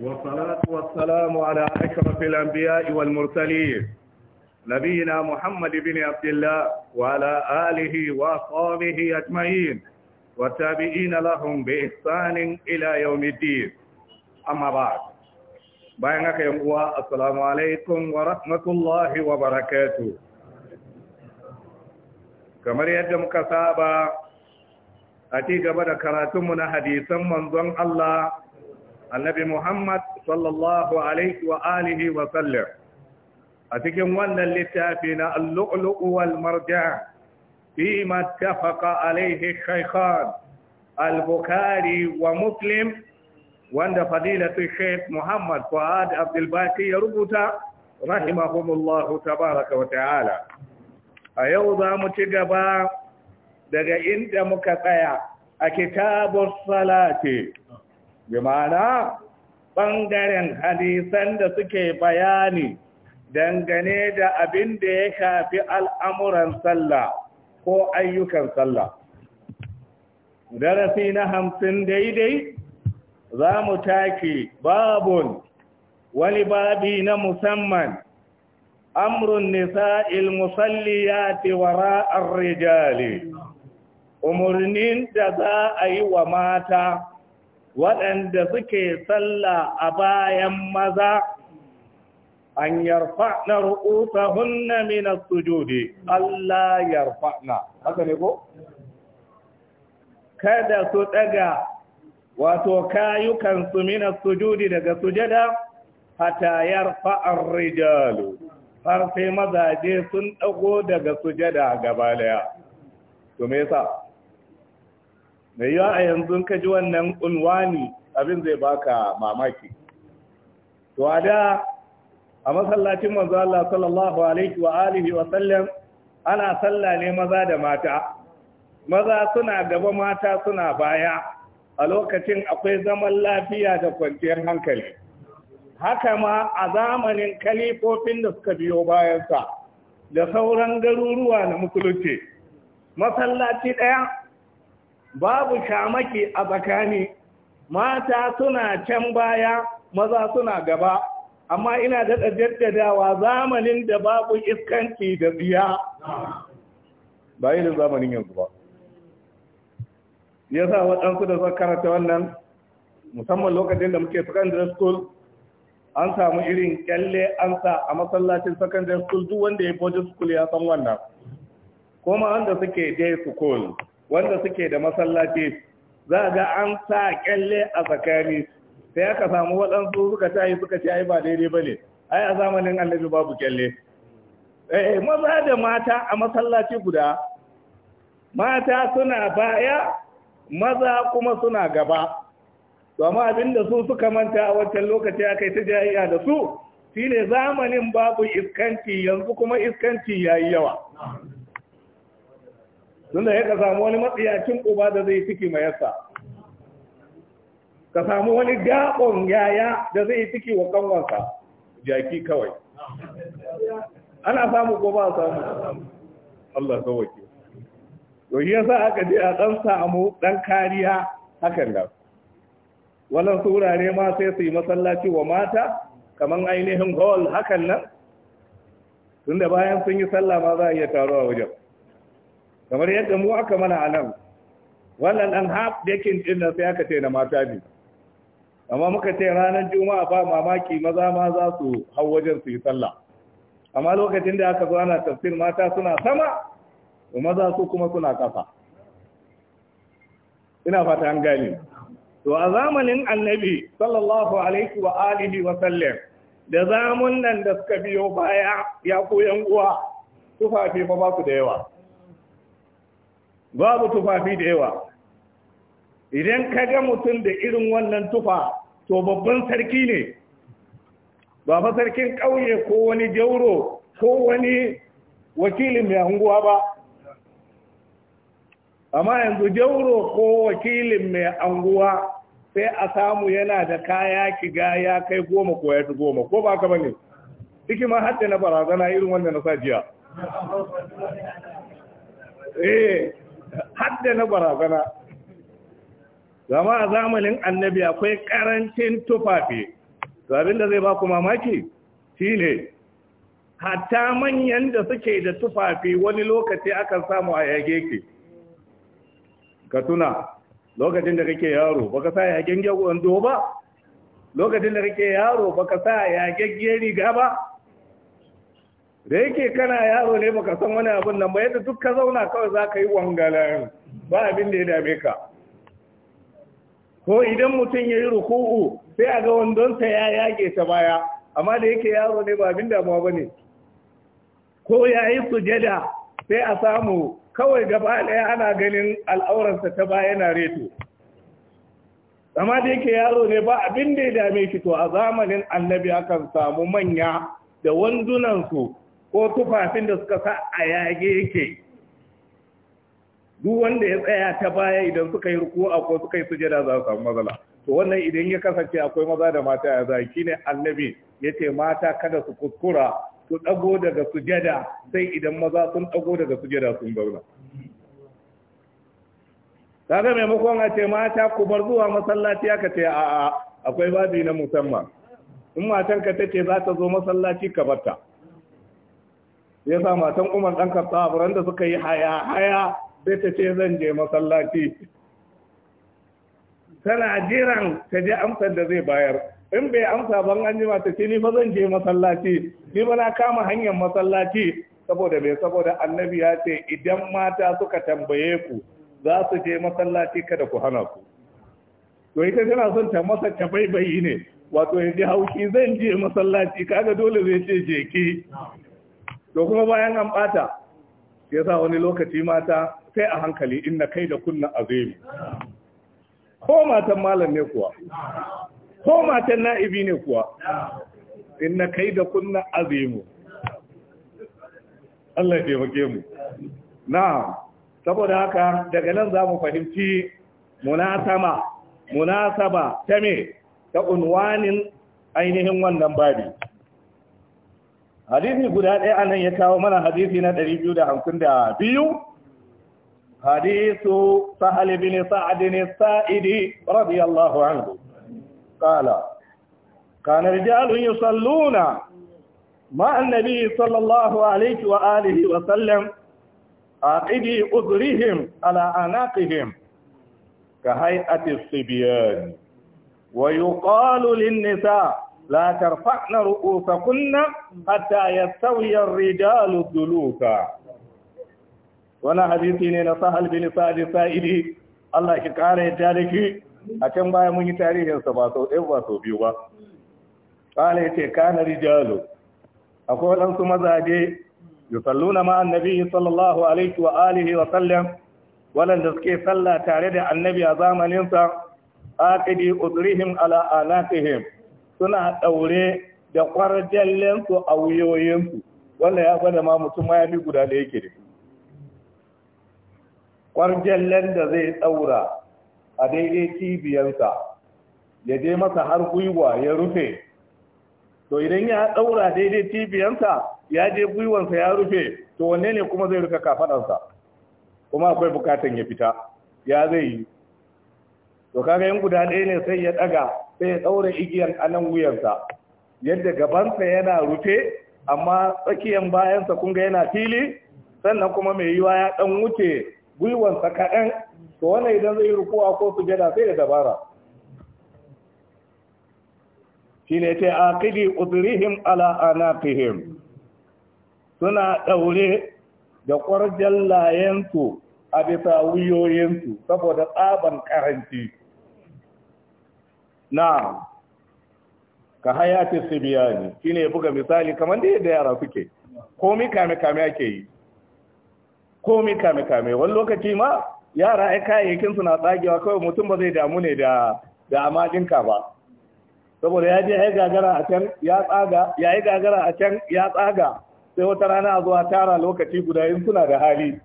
والصلاة والسلام على أشرف الأنبياء والمرسلين نبينا محمد بن عبد الله وعلى آله وصحبه أجمعين والتابعين لهم بإحسان إلى يوم الدين أما بعد بينك يا السلام عليكم ورحمة الله وبركاته كما yadda muka saba a كراتمنا حديثا من ظن الله annabi Muhammad sallallahu alaihi wa alihi wa sallam a cikin wannan littafi na al-lu'lu'u wal marja' fi ma tafaqa alaihi shaykhan al-bukhari wa muslim wanda fadilatu shaykh Muhammad Fuad Abdul Baqi ya rubuta rahimahumullahu tabaraka wa ta'ala a yau za mu ci gaba daga inda muka tsaya a kitabus salati bi ɓangaren hadisan da suke bayani dangane da abin da ya shafi al'amuran sallah ko ayyukan sallah. Darasi na hamsin daidai za mu take babun wani babi na musamman amrun nisa'il wara wara'ar rijali umarnin da za a yi wa mata waɗanda suke sallah a bayan maza an yarfa'na hunna mina su jude Allah na haka ne ko kada su daga wato kayukan su jude daga sujudi daga sujada yarfa an rijalu har sai mazaje sun ɗago daga sujada gaba gabalaya su mesa mai yiwa a yanzu ka ji wannan unwani abin zai baka mamaki to a da a masallacin manzo Allah sallallahu alaihi wa alihi wa sallam ana sallah ne maza da mata maza suna gaba mata suna baya a lokacin akwai zaman lafiya da kwanciyar hankali haka ma a zamanin kalifofin da suka biyo bayansa da sauran garuruwa na musulunci masallaci ɗaya babu shamaki a tsakani mata suna can baya maza suna gaba amma ina daɗa jaddadawa zamanin da babu iskanci da tsiya ba yi da zamanin yanzu ba ya sa waɗansu da suka karanta wannan musamman lokacin da muke secondary school an samu irin kyalle an sa a masallacin secondary school duk wanda ya boji school ya san wannan kuma wanda suke day school wanda suke da masallaci za ga an sa kyalle a tsakani sai aka samu waɗansu suka shayi suka shayi ba daidai ba ne, ai a zamanin annabi babu kyalle eh maza da mata a masallaci guda mata suna baya maza kuma suna gaba to amma abinda su suka manta a wancan lokaci akai ta jahiya da su shine zamanin babu iskanci yanzu kuma iskanci yayi yawa tunda ya ka samu wani matsiyacin uba da zai ciki mai yasa ka samu wani gaɓon yaya da zai ciki wa kanwansa jaki kawai ana samu ko ba samu Allah sauwake to shi yasa aka je a dan samu dan kariya hakan nan wannan surare ma sai su yi masallaci wa mata kamar ainihin hall hakan nan tunda bayan sun yi sallah ma za a iya taruwa wajen kamar yadda mu aka mana a nan wannan ɗan haf yakin ɗin nan sai aka ce na mata ne amma muka ce ranar juma'a ba mamaki maza ma za su hau wajen su yi sallah amma lokacin da aka zo ana tafsir mata suna sama da maza su kuma suna ƙasa ina fata an gane to a zamanin annabi sallallahu alaihi wa alihi wa sallam da zamun nan da suka biyo baya ya koyan uwa tufafi fa ba su da yawa babu tufafi da yawa idan ka ga mutum da irin wannan tufa to babban sarki ne ba fa sarkin ƙauye ko wani jauro ko wani wakilin mai anguwa ba amma yanzu jauro ko wakilin mai anguwa sai a samu yana da kaya kiga ya kai goma ko ya goma ko ba ka bane ciki ma hadda na barazana irin wannan na sajiya eh hadda na barazana zama a zamanin annabi akwai karancin tufafi zabin da zai ba ku mamaki ne. hatta manyan da suke da tufafi wani lokaci akan samu a yage ki ka tuna lokacin da kake yaro baka sa yagen gwando ba lokacin da kake yaro baka sa yagen riga ba da yake kana yaro ne baka san wani abin nan ba yadda duk ka zauna kawai za ka yi wangalayen ba abin da ya dame ka ko idan mutum ya yi ruku'u sai a ga wandonsa ya yage ta baya amma da yake yaro ne ba abin damuwa ba ne ko ya yi sujada sai a samu kawai gaba ɗaya ana ganin al'auransa ta baya na reto amma da yake yaro ne ba abin da ya dame shi to a zamanin annabi akan samu manya da wandunansu ko tufafin da suka sa a yage yake duk wanda ya tsaya ta baya idan suka yi rukuwa ko suka yi sujada za su samu matsala to wannan idan ya kasance akwai maza da mata ya za ne annabi ya ce mata kada su kuskura su dago daga sujada sai idan maza sun dago daga sujada sun zauna kaga maimakon a ce mata ku bar zuwa masallaci aka ce a'a akwai babi na musamman in ka ta ce za ta zo masallaci ka ta ya sa matan umar ɗan kasa ran da suka yi haya haya bai ta ce zan je masallaci tana jiran ta je amsar da zai bayar in bai amsa ban an jima ta ce ni zan je masallaci ni ba na kama hanyar masallaci saboda bai saboda annabi ya ce idan mata suka tambaye ku za su je masallaci kada ku hana ku to ita tana son ta masa ta baibayi ne wato ya ji haushi zan je masallaci kaga dole zai ce je ki to kuma bayan an bata ya sa wani lokaci mata sai a hankali inna kai da kunna azimi ko matan malam ne kuwa ko matan na'ibi ne kuwa inna kai da kunna azimu Allah ya taimake mu Na, saboda haka daga nan za mu fahimci munasama munasaba ta me ta unwanin ainihin wannan babi حديث يقول هذا أن يكاو من حديثنا دريب يودا هم كندا بيو حديث سهل بن سعد السائد رضي الله عنه قال كان رجال يصلون مع النبي صلى الله عليه وآله وسلم عقدي أذرهم على أناقهم كهيئة الصبيان ويقال للنساء لا ترفعن رؤوسكن حتى يستوي الرجال الدلوكا Wani حديثي ne na Sahal bin Sa'd Sa'idi Allah ki kare yadda da ki a can baya mun yi tarihinsa ba sau ɗaya ba sau biyu ba kala yace kana rijalu akwai wadansu mazaje yusalluna ma annabi sallallahu alaihi wa alihi wa sallam wadanda suke sallah tare da annabi a zamaninsa. sa aqidi udrihim ala anaqihim suna ɗaure da kwarjallensu a wuyoyinsu wanda ya gwada ma mutum ya mayami guda da yake da kwarjallen da zai ɗaura a daidai cibiyansa ya je masa har gwiwa ya rufe to idan ya ɗaura daidai cibiyansa ya je gwiwansa ya rufe to wanne ne kuma zai rufe kafaɗansa kuma akwai bukatan ya fita ya zai yi to kaga yin guda ɗaya ne sai ya ɗaga sai ya ɗaura igiyar anan wuyarsa yadda gabansa yana rufe amma tsakiyan bayansa kunga yana fili sannan kuma mai yiwa ya ɗan wuce gwiwansa kaɗan to wannan idan zai rukuwa ko su jada sai da dabara ne ta aqidi udrihim ala anaqihim suna daure da layensu a bisa wuyoyinsu saboda tsaban karanci na'am ka hayati sibiyani shine ya buga misali kamar da yadda yara suke komi kame kame ake yi komi kame kame wani lokaci ma yara ai kayayyakin suna tsagewa kawai mutum ba zai damu ne da da ba saboda ya je ya gagara a can ya tsaga ya yi gagara a can ya tsaga sai wata rana a zuwa tara lokaci guda in suna da hali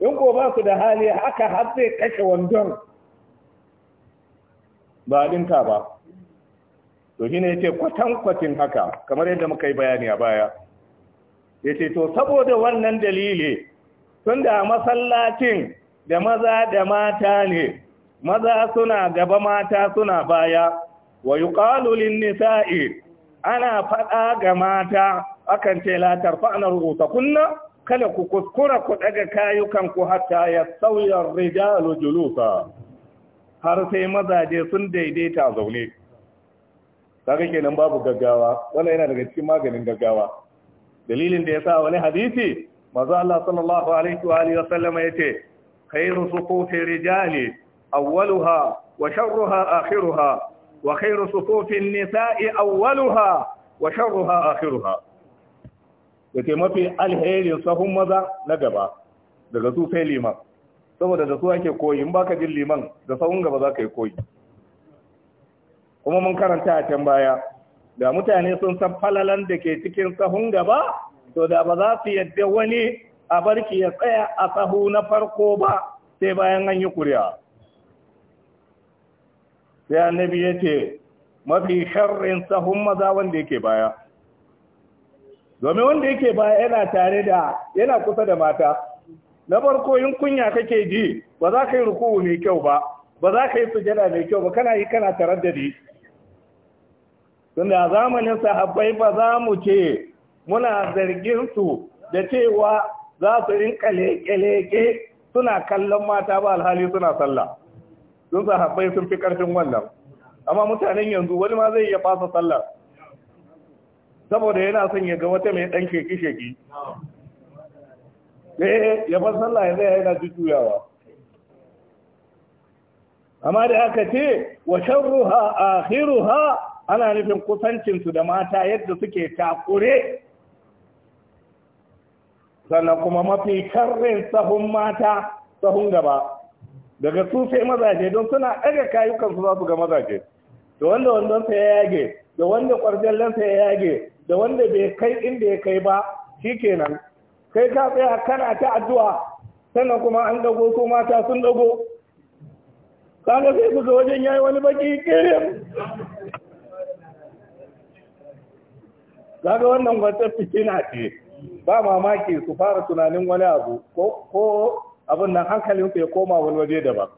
in ko ba su da hali haka har zai kashe wandon ba a ɗinka ba to shi ne ya ce kwatankwacin haka kamar yadda muka yi bayani a baya ya ce to saboda wannan dalili tun da masallacin da maza da mata ne maza suna gaba mata suna baya wa yi ƙalulin nisa'i ana faɗa ga mata akan ce latar fa'anar rubuta kunna kada ku kuskura ku ɗaga kayukanku hatta ya sauyar rijalu julusa har sai mazaje sun daidaita zaune kaga kenan babu gaggawa wannan yana daga cikin maganin gaggawa dalilin da yasa wani hadisi manzo Allah sallallahu alaihi wa alihi wasallama yace khairu sufufi rijali awwaluha wa sharruha akhiruha wa khairu sufufi nisa'i awwaluha wa sharruha akhiruha yace mafi alherin sahun maza na gaba daga su liman saboda da su ake koyi in baka jin liman da sahun gaba za ka yi koyi kuma mun karanta a can baya da mutane sun san falalan da ke cikin sahun gaba to da ba za su yadda wani a barki ya tsaya a sahu na farko ba sai bayan an yi kuriya sai annabi ya ce mafi sharrin sahun maza wanda yake baya domin wanda yake baya yana tare da yana kusa da mata na farko yin kunya kake ji ba za ka yi ruku'u mai kyau ba ba za ka yi sujada mai kyau ba kana yi kana taraddadi tunda zamanin sahabbai ba za mu ce muna zargin su da cewa za su rinka leke-leke suna kallon mata ba alhali suna sallah sun sahabbai sun fi karfin wannan amma mutanen yanzu wani ma zai iya fasa sallah saboda yana son ya ga wata mai ɗan sheki-sheki E ya bar sallah ya zai yana jujjuyawa amma da aka ce wa sharruha akhiruha ana nufin kusancinsu da mata yadda suke takure sannan kuma mafi karrin sahun mata sahun gaba daga su sai mazaje don suna ɗaga kayukansu za su ga mazaje da wanda wandonsa ya yage da wanda ƙwarjallensa ya yage da wanda bai kai inda ya kai ba shi kenan kai ka tsaya kana ta addu'a sannan kuma an dago ko mata sun dago kaga sai su ga wajen yayi wani baki kirim kaga wannan wata fitina ce ba mamaki su fara tunanin wani abu ko abin nan hankalin su ya koma wani waje daban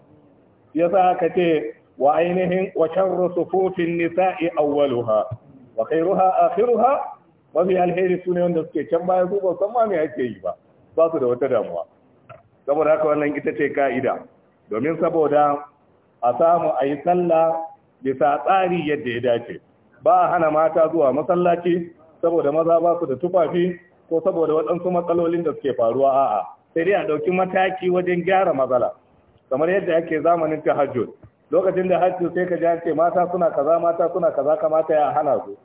yasa aka ce wa ainihin wa sharru sufufin nisa'i awwaluha wa khairuha akhiruha mafi alheri su ne wanda suke can baya su ba san ma me ake yi ba ba su da wata damuwa saboda haka wannan ita ce ka'ida domin saboda a samu a yi sallah bisa tsari yadda ya dace ba a hana mata zuwa masallaci saboda maza ba su da tufafi ko saboda waɗansu matsalolin da suke faruwa a'a sai dai a ɗauki mataki wajen gyara matsala kamar yadda ake zamanin ta tahajjud lokacin da hajji sai ka ji ce mata suna kaza mata suna kaza kamata ya hana su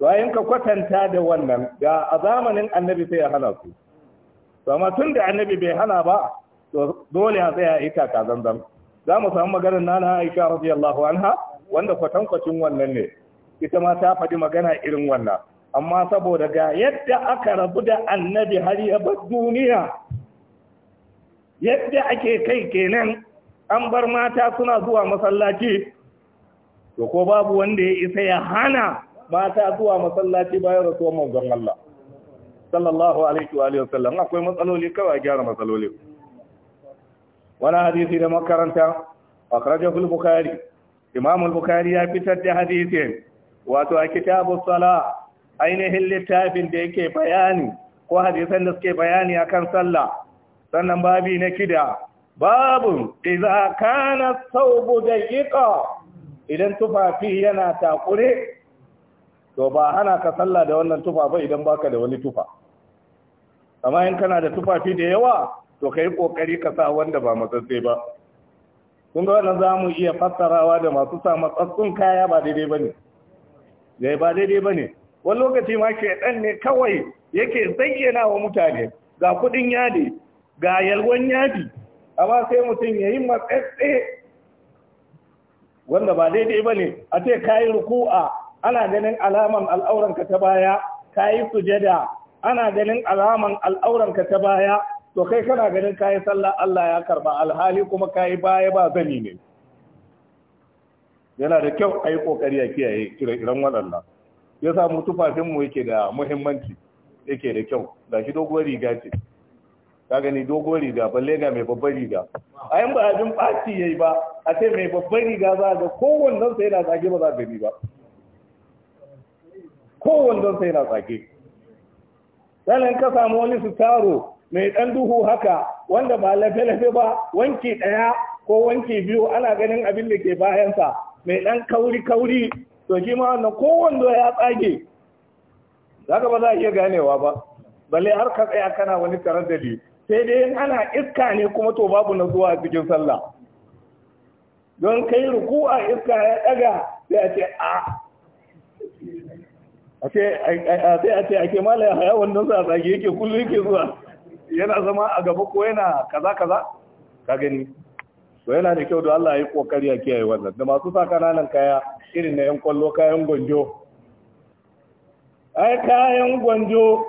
bayan ka kwatanta da wannan ga a zamanin annabi sai ya hana su amma tun da annabi bai hana ba dole a tsaya ita ka zanzan za mu samu maganar nana aisha radiyallahu anha wanda kwatankwacin wannan ne ita ma ta faɗi magana irin wannan amma saboda ga yadda aka rabu da annabi har ya bar duniya yadda ake kai kenan an bar mata suna zuwa masallaci to ko babu wanda ya isa ya hana mata zuwa masallaci bayan rasuwa manzon Allah sallallahu alaihi wa sallam akwai matsaloli kawai gyara matsaloli wani hadisi da makaranta akhrajahu al imam ya fitar da hadisi. wato a kitabun sala ainihin littafin da yake bayani ko hadisan da suke bayani akan sallah sannan babi na kida babun idza kana thawbu dayiqa idan tufafi yana takure to ba hana ka sallah da wannan tufa ba idan baka da wani tufa amma in kana da tufafi da yawa to kai kokari ka sa wanda ba matsatse ba kun ga wannan zamu iya fassarawa da masu sa matsatsun kaya ba daidai bane dai eh, ba daidai bane wani lokaci ma shedan ne kawai yake zayyana wa mutane ga kudin yadi ga yalwan yadi amma sai mutum yayi matsatse wanda ba daidai bane a ce kai ruku'a ana ganin alaman al'auranka ta baya ka yi sujada ana ganin alaman al'auranka ta baya to kai kana ganin ka yi sallah Allah ya karba alhali kuma ka yi baya ba zani ne yana da kyau a yi ƙoƙari a kiyaye ire-iren waɗannan ya samu tufafinmu yake da muhimmanci yake da kyau da shi doguwar riga ce ka gani dogon riga balle ga mai babban riga a yin ba abin ɓaci ya yi ba a ce mai babban riga za a ga kowannan sai da zage ba za a gani ba kowandon sai na tsage Sanin ka samu wani su taro mai ɗan duhu haka wanda ba lafe-lafe ba wanke ɗaya ko wanke biyu ana ganin abin da ke bayansa mai ɗan kauri-kauri to shi ma wannan kowando ya tsage za ka ba za a iya ganewa ba balle har ka tsaya kana wani taraddadi sai dai in ana iska ne kuma to babu na zuwa a cikin sallah don kai a iska ya ɗaga sai a ce a ah, a sai a ce ake mala ya haya wannan sa tsage yake kullum yake zuwa yana zama a gaba ko yana kaza kaza ka gani to yana da kyau da Allah ya yi kokari a kiyaye wannan da masu sa kananan kaya irin na yan kwallo kayan gonjo ai kayan gwanjo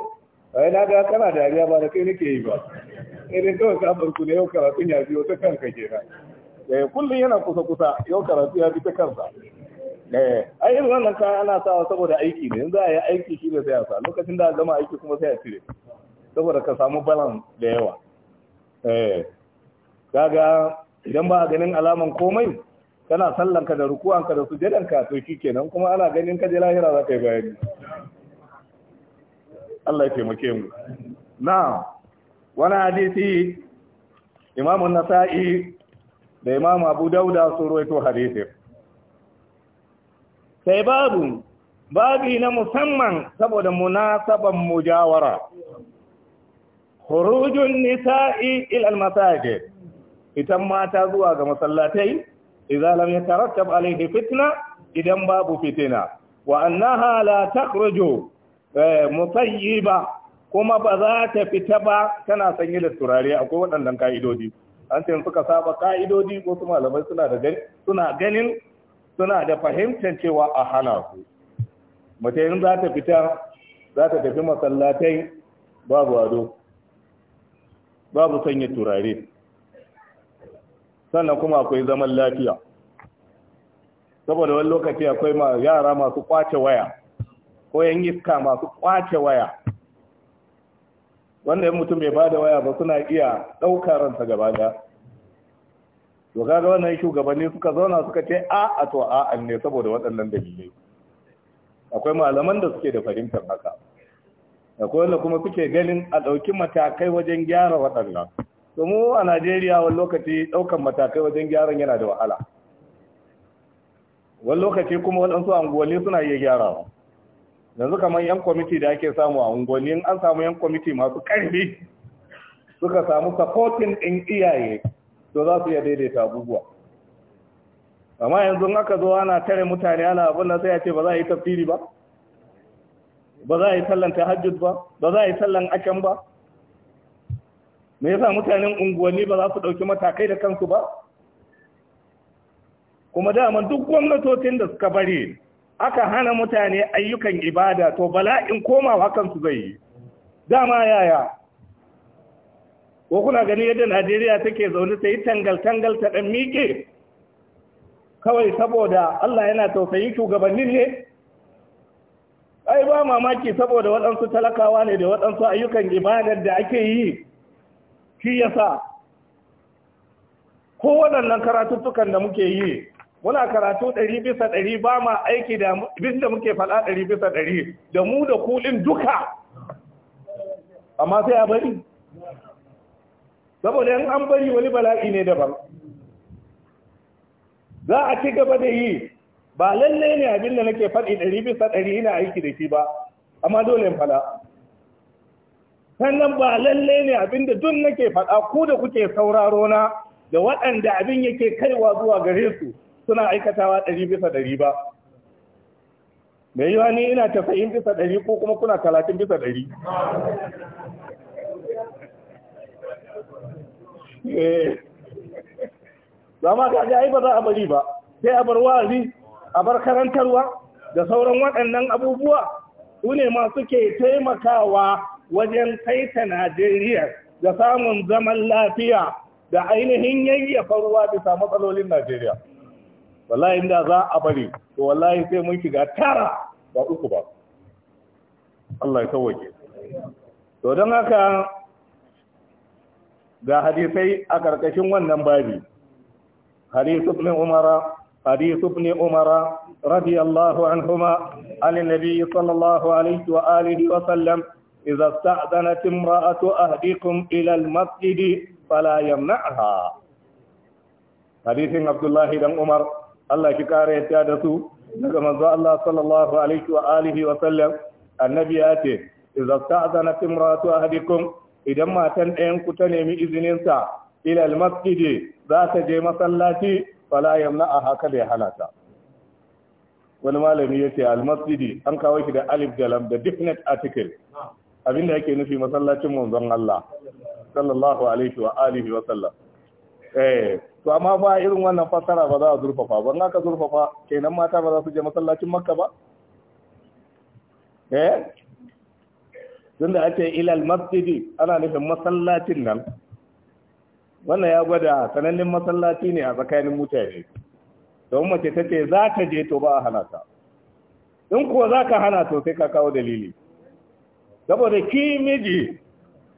ai na ga kana dariya ba da kai nake yi ba irin kawai kafin ku ne yau karatun ya biyo ta kanka kenan eh kullun yana kusa kusa yau karatu ya bi ta kansa eh ai irin wannan kaya ana sawa saboda aiki ne in za a yi aiki shi ne sai a sa lokacin da a gama aiki kuma sai a cire saboda ka samu balan da yawa eh, kaga idan ba a ganin alaman komai kana sallanka da rukuwanka da sujadanka to kenan kuma ana ganin ka je lahira za ka yi bayani Allah ya taimake mu na'am wani hadisi imam nasai da imam abu dauda sun ruwaito hadisi sai babu babi na musamman saboda munasaban mujawara khurujun nisa'i ila al-masajid idan mata zuwa ga masallatai Idan lam yatarattab alayhi fitna idan babu fitina wa annaha la takhruju eh, mutayyiba kuma ba za ta fita ba tana sanye da turare akwai waɗannan ka'idodi an ce suka saba ka'idodi ko su malamai suna da suna ganin suna da fahimtar cewa a hana su mace yin za ta fita za ta tafi masallatai babu ado babu sanya turare sannan kuma akwai zaman lafiya saboda wani lokaci akwai yara masu kwace waya ko yan iska masu kwace waya wanda yin mutum bai bada waya ba suna iya ɗaukaransa gaba da to kaga wannan shugabanni suka zauna suka ce a a to a an ne saboda waɗannan dalilai akwai malaman da suke da fahimtar haka akwai wanda kuma suke ganin a ɗauki matakai wajen gyara waɗannan mu a Najeriya wani lokaci ɗaukan matakai wajen gyaran yana da wahala wani lokaci kuma waɗansu anguwanni suna iya gyarawa yanzu kamar yan kwamiti da ake samu a unguwanni an samu yan kwamiti masu ƙarfi suka samu supporting ɗin iyaye to za su iya daidaita abubuwa amma yanzu aka zo ana tare mutane ana abin da sai a ce ba za a yi tafsiri ba ba za a yi sallan tahajjud ba ba za a yi sallan akan ba me yasa mutanen unguwanni ba za su dauki matakai da kansu ba kuma dama duk gwamnatocin da suka bari aka hana mutane ayyukan ibada to bala'in komawa kansu zai yi dama yaya ko kuna gani yadda najeriya take zaune ta yi tangal-tangal ta ɗan miƙe kawai saboda allah yana tausayin shugabannin ne ai ba mamaki saboda waɗansu talakawa ne da waɗansu ayyukan ibadar da ake yi shi yasa ko waɗannan karatuttukan da muke yi muna karatu ɗari bisa ɗari ba ma aiki da bis da muke faɗa ɗari bisa ɗari da mu da kulin duka amma sai a bari saboda yan an bari wani bala'i ne daban za a ci gaba da yi ba lallai ne abin da nake faɗi ɗari bisa ɗari ina aiki da shi ba amma dole in fada sannan ba lallai ne abin da duk nake faɗa ku da kuke sauraro na da waɗanda abin yake kaiwa zuwa gare su suna aikatawa ɗari bisa ɗari ba mai yiwa ni ina tasa'in bisa ɗari ko kuma kuna talatin bisa ɗari Eh. ba ma kaga ai ba za a bari ba sai a bar wa'azi a bar karantarwa da sauran waɗannan abubuwa su ne ma suke taimakawa wajen kaita Najeriya da samun zaman lafiya da ainihin yayyafa ruwa bisa matsalolin Najeriya. Wallahi inda za a bari, to wallahi sai mun shiga tara ba uku ba. Allah ya sauwake. To don haka ga hadisai a ƙarƙashin wannan babi hadisu ibn umara hadisu ibn umara radiyallahu anhuma an nabi sallallahu alaihi wa alihi wa sallam idza sta'danat imra'atu ahdikum ila al-masjid fala yamna'ha hadisin abdullah dan umar Allah ki kare ta da su daga manzo Allah sallallahu alaihi wa alihi wa sallam annabi ya ce idza sta'danat imra'atu ahdikum idan matan ɗayan ku ta nemi izininsa ilal masjidi za ta je masallaci fala yamna a haka da ya halata wani malami ya ce masjidi an kawo shi da alif da lam da definite article abinda yake nufi masallacin manzon Allah sallallahu alaihi wa alihi wa sallam eh to amma ba irin wannan fasara ba za a zurfafa ban aka zurfafa kenan mata ba za su je masallacin makka ba eh tunda ake ilal masjidi ana nufin masallacin nan wannan ya gwada sanannen masallaci ne a tsakanin mutane don mace ta ce za ka je to ba a hana ta in kuwa za ka hana to sai ka kawo dalili saboda ki miji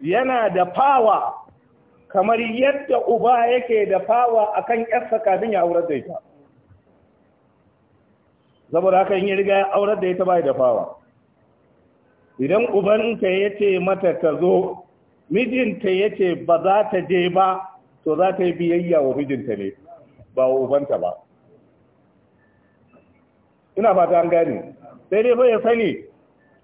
yana da fawa kamar yadda uba yake da fawa kan yarsa kafin ya aurar da ita saboda haka in yi riga ya aurar da ita ba da fawa idan ubanta ya ce mata ta zo mijinta ya ce ba za ta je ba to za ta yi biyayya wa mijinta ne ba wa ubanta ba ina ba an gane sai dai bai sani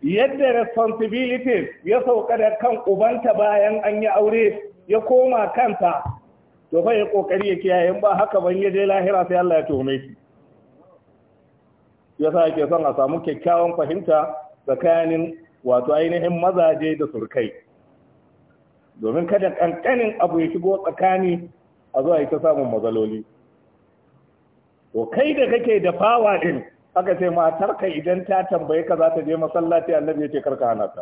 yadda responsibilities ya sauka da kan ubanta bayan an yi aure ya koma kanta to fa ya kokari ya kiyaye ba haka ban yaje lahira sai Allah ya tuhume shi yasa yake son a samu kyakkyawan fahimta tsakanin wato ainihin mazaje da surkai domin kada kankanin abu ya shigo tsakani a zuwa ita samun matsaloli to kai da kake da fawa din aka ce matar ka idan ta tambaye ka za ta je masallaci annabi ya ce karka hana ta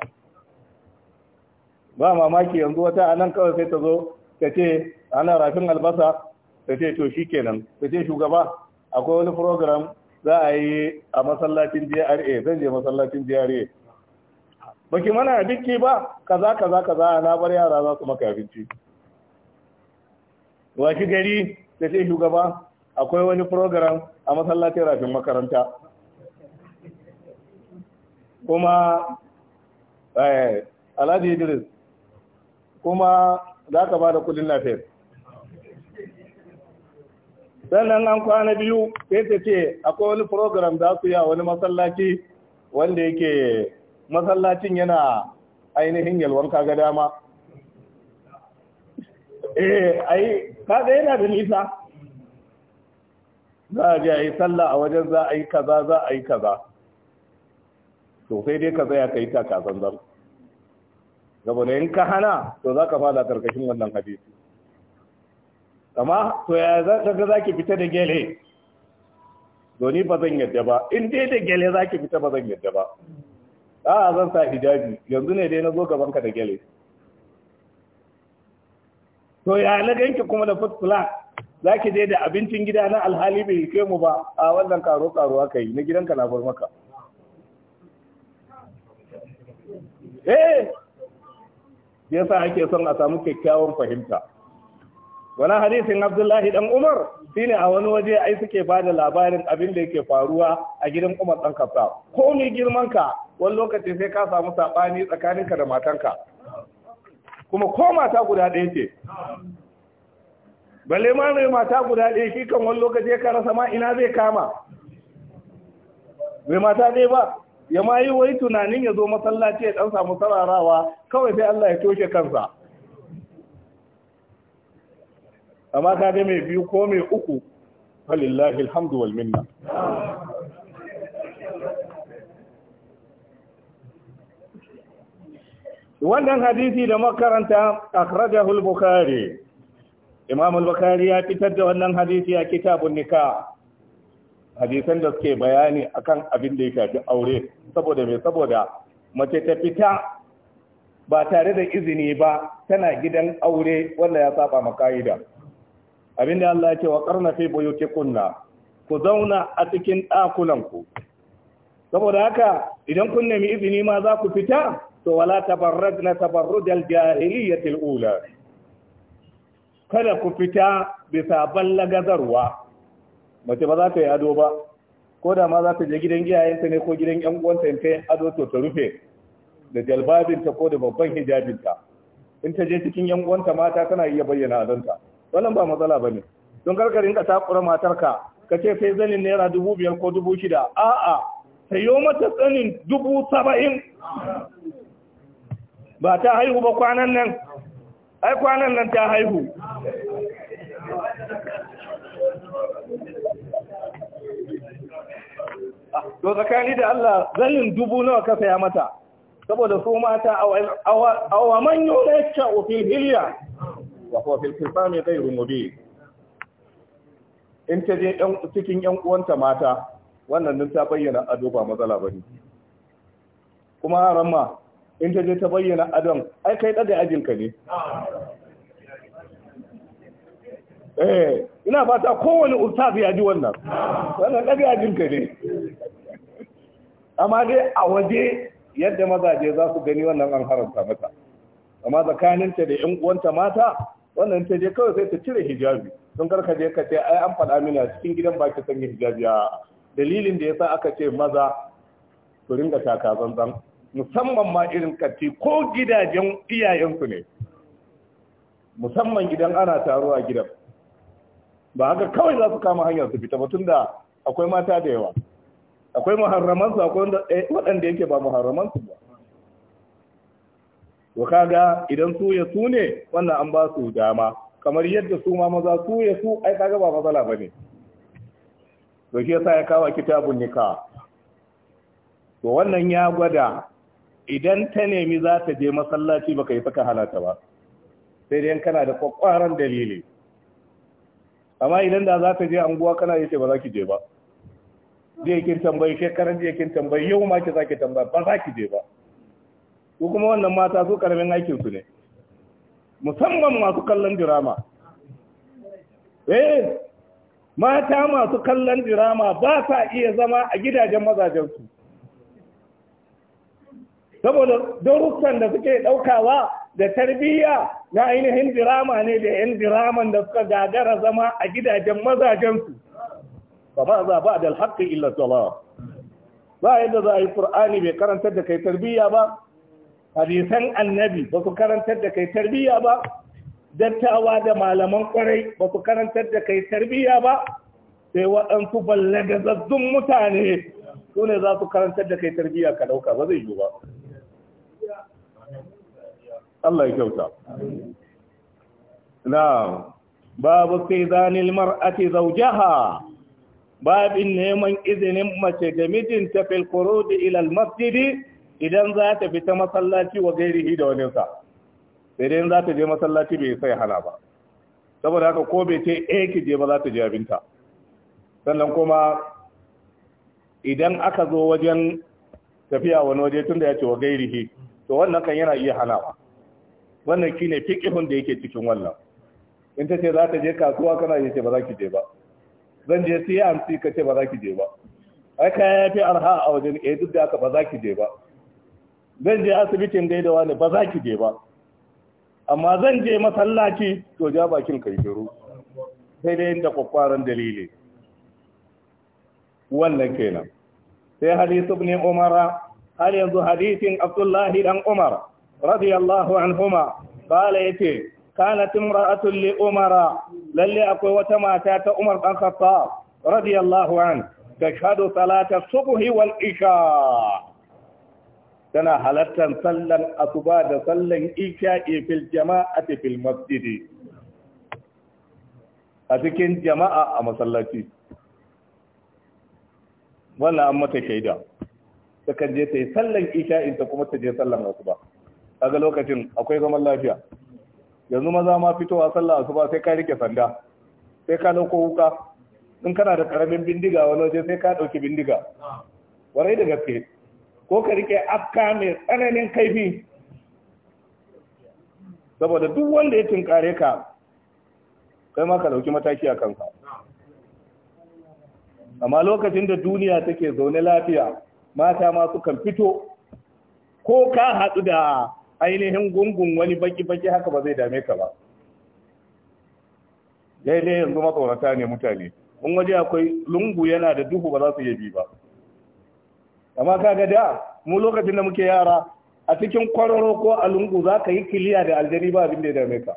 ba mamaki yanzu wata anan kawai sai ta zo ta ce ana rafin albasa ta ce to shi kenan ta ce shugaba akwai wani program za a yi a masallacin jra zan je masallacin jra baki mana abinci ba kaza kaza kaza na bar yara za su maka abinci washi gari da ce shugaba akwai wani program a masallacin rafin makaranta kuma eh, alhaji idris kuma za ka ba da kudin lafiyar sannan an kwana biyu sai ta ce akwai wani program za su yi a wani masallaci wanda yake masallacin yana ainihin yalwar kaga dama eh ai kaga yana da nisa za a je a yi sallah a wajen za a yi kaza za a yi kaza to sai dai ka tsaya ka yi takasan zan da yin ka hana to za ka fada karkashin wannan hadisi amma to ya zaga za ki fita da gele doni ba zan yadda ba in dai da gele za ki fita ba zan yadda ba a zan sa hijabi yanzu ne dai na zo gabanka da gyale to ya na ganki kuma da food plan za ki je da abincin gida na alhali bai kai mu ba a wannan karo karo aka yi na gidanka na bar maka eh sa ake son a samu kyakkyawan fahimta wani hadisin abdullahi dan umar shi ne a wani waje ai suke ba da labarin abin da yake faruwa a gidan umar dan kafsa ko ni girman ka wani lokacin sai ka samu saɓani tsakaninka da matanka kuma ko mata guda ɗaya ce balle ma mai mata guda ɗaya shi kan wani lokacin ka rasa ma ina zai kama mai mata ɗaya ba ya ma yi wai tunanin ya zo masallaci ya ɗan samu sararawa kawai sai Allah ya toshe kansa amma ka ga mai biyu ko mai uku falillahi alhamdu wal minna wannan hadisi da makaranta akhrajahu al-bukhari imam al-bukhari ya fitar da wannan hadisi a kitabun nikah hadisan da suke bayani akan abin da ya shafi aure saboda me saboda mace ta fita ba tare da izini ba tana gidan aure wanda ya saba maka'ida. ka'ida abinda Allah ya ce wa qarna fi buyutikunna ku zauna a cikin ɗakunanku saboda haka idan kun nemi izini ma za ku fita to wala tabarrajna tabarrujal al ula kada ku fita bisa ballagadarwa mace ba za ta yi ado ba ko da ma za ta je gidan iyayenta ne ko gidan yan uwanta in kai ado to ta rufe da jalbabinta ko da babban hijabinta in ta je cikin yan uwanta mata tana iya bayyana adonta wannan ba matsala bane don karkarin ka takura matarka ka ce sai zanin naira dubu biyar ko dubu shida a'a sayo mata tsanin dubu saba'in ba ta haihu ba kwanan nan ai kwanan nan ta haihu to zakani da Allah zallin dubu nawa ka saya mata saboda su mata awa man yunaka fil hilya wa huwa fil qisami ghayru mubin in ta je cikin yan uwanta mata wannan din ta bayyana ado ba matsala bane kuma ramma in ta je ta bayyana adon ai kai ajin ajinka ne eh ina fata kowane ustaz ya ji wannan wannan ajin ajinka ne amma dai a waje yadda mazaje za su gani wannan an haramta mata amma tsakaninta da yan uwanta mata wannan ta je kawai sai ta cire hijabi don karka je ka ce ai an faɗa mini a cikin gidan baki sanya hijabi a dalilin da yasa aka ce maza su ringa taka zanzan. musamman ma irin katti ko gidajen iyayensu ne musamman idan ana taruwa gidan ba haka kawai za su kama hanyar su fita mutum da. akwai mata da yawa akwai muharramansu akwai eh, waɗanda yake ba muharramansu ba wa kaga idan su ya su ne wannan an ba su dama kamar yadda su ma maza su ya su ai kaga ba matsala ba ne. to shi yasa ya kawo kitabun nikah to wannan ya gwada idan ta nemi za ta je masallaci baka yi saka halata ta ba sai dai kana da kwakwaran dalili amma idan da za ta je anguwa kana yace ba za ki je ba zai kin tambayi shekaran zai kin tambayi yau ma ki zaki tambaya ba za ki je ba ko kuma wannan mata su karamin aikin su ne musamman masu kallon dirama eh mata masu kallon dirama ba sa iya zama a gidajen mazajensu saboda darussan da suke ɗaukawa da tarbiyya na ainihin dirama ne da 'yan diraman da suka gagara zama a gidajen mazajensu ba ma za ba da alhaƙi illa salawa ba yadda za a yi ƙur'ani bai karantar da kai tarbiyya ba hadisan annabi ba su karantar da kai tarbiyya ba dattawa da malaman ƙwarai ba su karantar da kai tarbiyya ba sai waɗansu ballagazazzun mutane su ne za su karantar da kai tarbiyya ka ɗauka ba zai yiwu ba Allah ya kyauta na babu zanil mar'ati zawjaha babin neman izinin mace da mijinta fil khuruj ila al masjid idan za ta fita masallaci wa gairihi da wani sa sai za ta je masallaci bai sai hana ba saboda haka ko bai ce eh je ba za ta je abinta sannan kuma idan aka zo wajen tafiya wani waje tunda ya ce wa gairihi to wannan kan yana iya hanawa wannan shine fiqhun da yake cikin wannan in ta ce za ta je kasuwa kana yi ce ba za ki je ba zan je sai amsi ka ce ba za ki je ba ai kaya ya fi arha a wajen eh duk da haka ba za ki je ba zan je asibitin gaidawa ne ba za ki je ba amma zan je masallaci to ja bakin kai shiru sai dai inda kwakwaran dalili wannan kenan sai hadisu ibn umara har yanzu hadisin abdullahi dan umar radiyallahu anhuma qala yace kanat imra'atun li umara Lallai akwai wata mata ta umar dan khattab radiyallahu an tashhadu salata subhi wal isha tana halattar sallan asuba da sallan isha'i fil jama'ati fil masjidi a cikin jama'a a masallaci wannan an mata shaida ta kan je ta yi sallan kuma ta je sallan asuba kaga lokacin akwai zaman lafiya yanzu maza ma fitowa sallah asuba sai ka rike sanda sai ka dauko wuka in kana da karamin bindiga wani waje sai ka dauki bindiga warai da gaske ko ka rike afka mai tsananin kaifi saboda duk wanda ya tunkare ka kai ma ka dauki mataki a kanka amma lokacin da duniya take zaune lafiya mata ma sukan fito ko ka haɗu da ainihin gungun wani baki-baki haka ba zai dame ka ba daidai yanzu matsorata ne mutane in waje akwai lungu yana da duhu ba za su yabi ba amma ga da mu lokacin da muke yara a cikin kwararo ko a lungu za ka yi kiliya da aljani ba abin da ya dame ka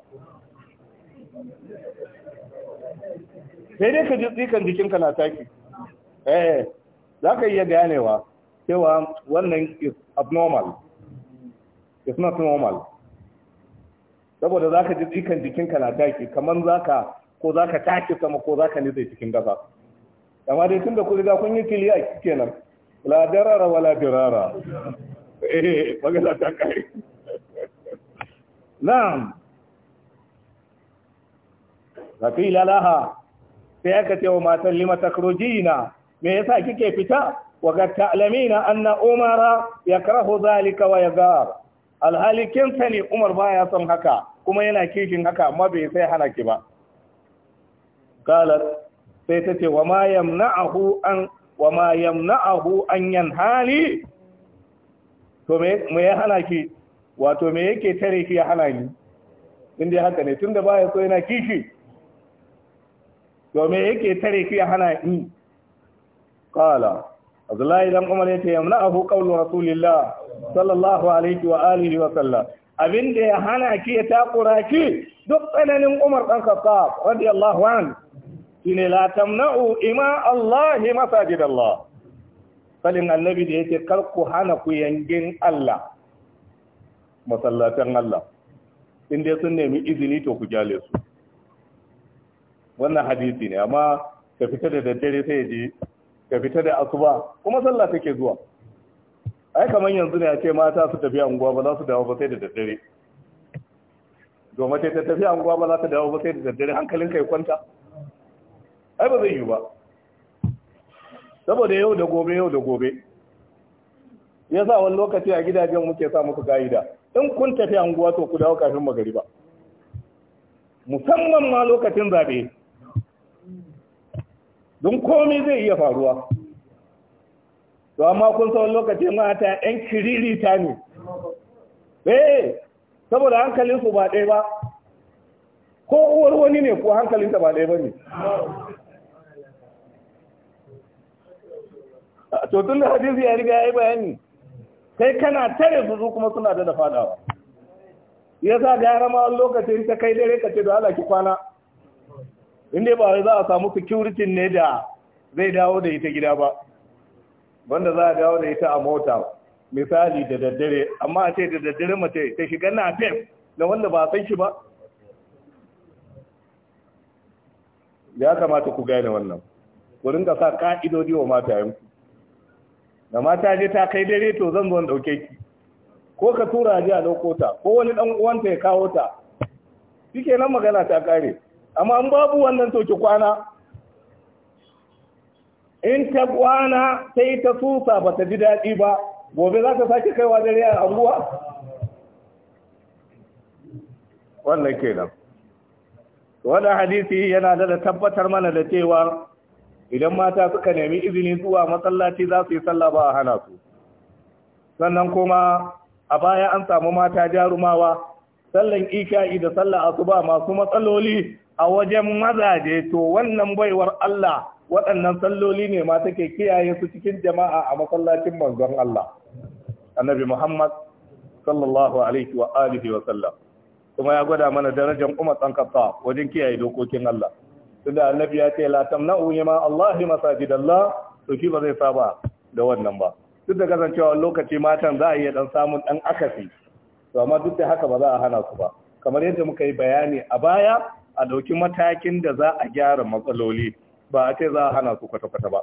sai dai ka ji tsikan jikinka na taki eh za ka iya ganewa cewa wannan is abnormal it's not normal saboda za ka ji tsikan jikinka na taki kamar za ka ko za ka taki sama ko za ka nitse cikin ƙasa amma dai tun da kuri riga kun yi kiliya kenan la darara wala dirara eh magana ta kai na'am fakila lalaha sai aka ce wa matan lima takrujina me yasa kike fita wa ga ta'lamina anna umara yakrahu zalika wa yazar alhali kin sani Umar baya son haka kuma yana kishin haka amma bai sai hana ki ba qalat sai ta ce wa ma yamna'ahu an wa ma yamna'ahu an yanhali to me me ya hana ki wato me yake tare ki ya hana ni inda haka ne tunda baya so yana kishi to me yake tare ki ya hana ni qala Abdullahi dan Umar ya yamna abu qawlu rasulillah sallallahu alaihi wa alihi wa sallam abin da ya hana ki ya takura ki duk tsananin Umar dan Khattab radiyallahu an shine la tamna'u ima Allah masajid Allah falin annabi da yake kar ku hana ku yangin Allah masallatan Allah in dai sun nemi izini to ku jale su wannan hadisi ne amma ka fita da daddare sai ji je ta fita da asuba kuma sallah take zuwa ai kamar yanzu ne a ce mata su tafi anguwa ba za su dawo ba sai da daddare domin ta tafi anguwa ba za ta dawo ba sai da daddare hankalin kai kwanta ai ba zai yi ba saboda yau da gobe yau da gobe ya sa wani lokaci a gidajen muke sa muku ga'ida in kun tafi anguwa to ku dawo kafin magariba musamman ma lokacin zaɓe don komai zai iya faruwa to amma kun san lokacin mata yan kiririta ne eh saboda hankalinsu su ba ɗaya ba ko uwar wani ne ko hankalinta ba ɗaya ba ne to tun da hadisi ya riga ya yi bayani kai kana tare su su kuma suna da da fadawa yasa gara ma lokacin ta kai dare ka ce da ala ki kwana inda ba za a samu security ne da zai dawo da ita gida ba wanda za a dawo da ita a mota misali da daddare amma a ce da daddare mace ta shiga na tef na wanda ba san shi ba ya kamata ku gane wannan ku ka sa ka'idodi wa ku. da mata je ta kai dare to zan zo dauke ki ko ka tura ji a dauko ta ko wani dan uwanta ya kawo ta shikenan magana ta kare amma an babu wannan to kwana in ta kwana sai ta tsusa ba ta ji daɗi ba gobe za ta sake kaiwa dare a anguwa wannan kenan wannan hadisi yana da tabbatar mana da cewa idan mata suka nemi izini zuwa masallaci za su yi sallah ba a hana su sannan kuma a baya an samu mata jarumawa sallan isha'i da sallar asuba masu matsaloli a wajen mazaje to wannan baiwar Allah waɗannan salloli ne ma take kiyaye su cikin jama'a a masallacin manzon Allah annabi Muhammad sallallahu alaihi wa alihi wa sallam kuma ya gwada mana darajar Umar dan Khattab wajen kiyaye dokokin Allah tunda annabi ya ce la tamna'u yama Allah masajidallah to shi ba zai saba da wannan ba duk da kasancewa lokaci matan za a iya dan samun dan akasi to amma duk da haka ba za a hana su ba kamar yadda muka yi bayani a baya a dauki matakin da za a gyara matsaloli ba a ce za a hana su kwata-kwata ba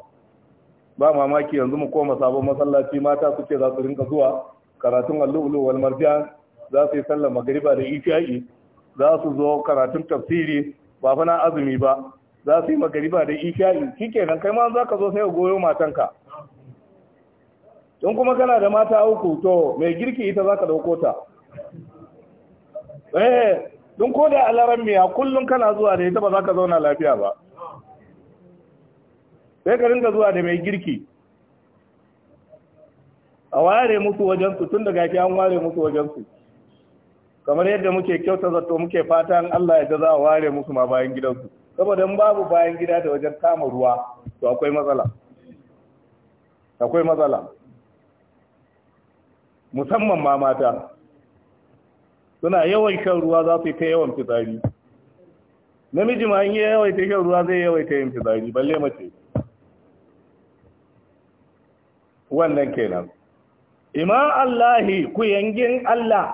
ba mamaki yanzu mu koma sabon masallaci mata su ce za su rinka zuwa karatun allu'ulu wal marjan za su yi sallar magariba da isha'i za su zo karatun tafsiri ba fa na azumi ba za su yi magariba da ke shikenan kai ma za ka zo sai goyo matanka in kuma kana da mata uku to mai girki ita za ka dauko ta eh don ko da alaran miya kullum kana zuwa da ita ba za ka zauna lafiya ba sai ka rinka zuwa da mai girki a ware musu wajensu tun daga ki an ware musu wajensu kamar yadda muke kyauta zato muke fatan Allah ya za a ware musu ma bayan gidansu saboda babu bayan gida da wajen kama ruwa to akwai matsala akwai matsala musamman ma mata suna yawan shan ruwa za su yi ta yawan fitsari namiji ma in yi yawaita shan ruwa zai yawaita yin fitsari balle mace wannan kenan ima Allahi ku yangin Allah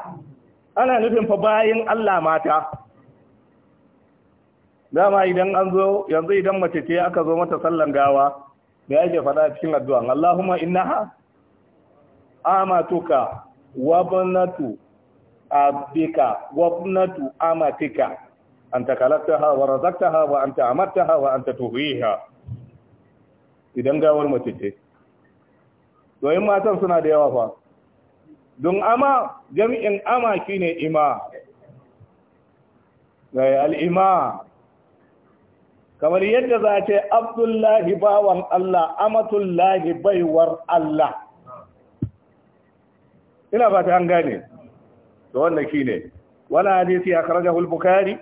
ana nufin fa bayin Allah mata dama idan an zo yanzu idan mace ce aka zo mata sallan gawa me ake faɗa cikin addu'a Allahumma innaha amatuka wa banatu abdika wa ibnatu amatika anta kalaktaha wa razaqtaha wa anta amartaha wa anta tuhiha idan gawar mace ce doyin matan suna da yawa fa don ama jami'in ama shine ima gai al'ima kamar yadda za ce abdullahi bawan Allah amatullahi baiwar Allah ina ba ta an gane to wannan shine wala hadisi akhrajahu al-bukhari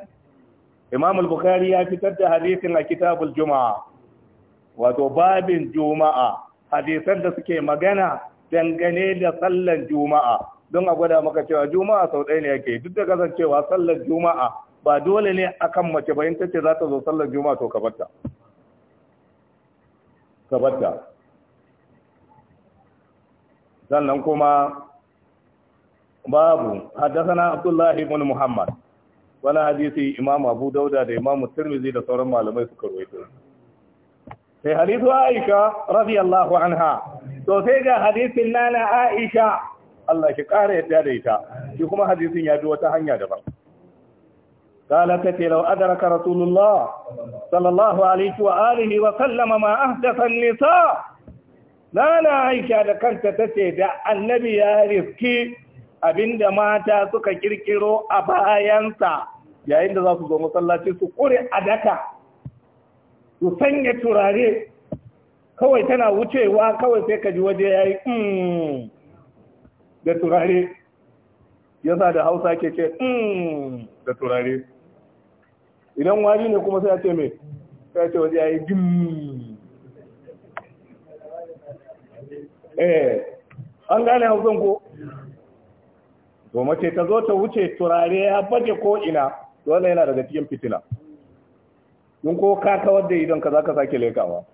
imam al-bukhari ya fitar da hadisin a kitabul juma'a wato babin juma'a hadisan da suke magana dangane da sallan juma'a don a gwada maka cewa juma'a sau ɗaya ne yake duk da kasancewa sallan juma'a ba dole ne akan mace ba in tace za ta zo sallan juma'a to kabarta kabarta sannan kuma babu na abdullahi ibn muhammad wani hadisi imam abu dauda da imam tirmizi da sauran malamai suka rawaito sai hadisu aisha radiyallahu anha to sai ga hadisin nana aisha Allah shi kara yadda da ita shi kuma hadisin ya bi wata hanya daban قالت تي لو أدرك رسول الله صلى الله عليه وآله وسلم ما أحدث النساء لا لا عائشة da kanta ce da annabi ya riski abinda mata suka kirkiro a bayansa yayin da za su zo masallaci su kure a daka su sanya turare kawai tana wucewa kawai sai ka ji waje ya yi mm, da turare yasa da hausa ke ce mm, da turare idan wari ne kuma sai ya ce mai sai ya ce waje ya yi eh an gane hausan ko to mace ta zo ta wuce turare ya baje ko ina wannan yana daga cikin fitina in ko ka kawar da idan ka zaka sake lekawa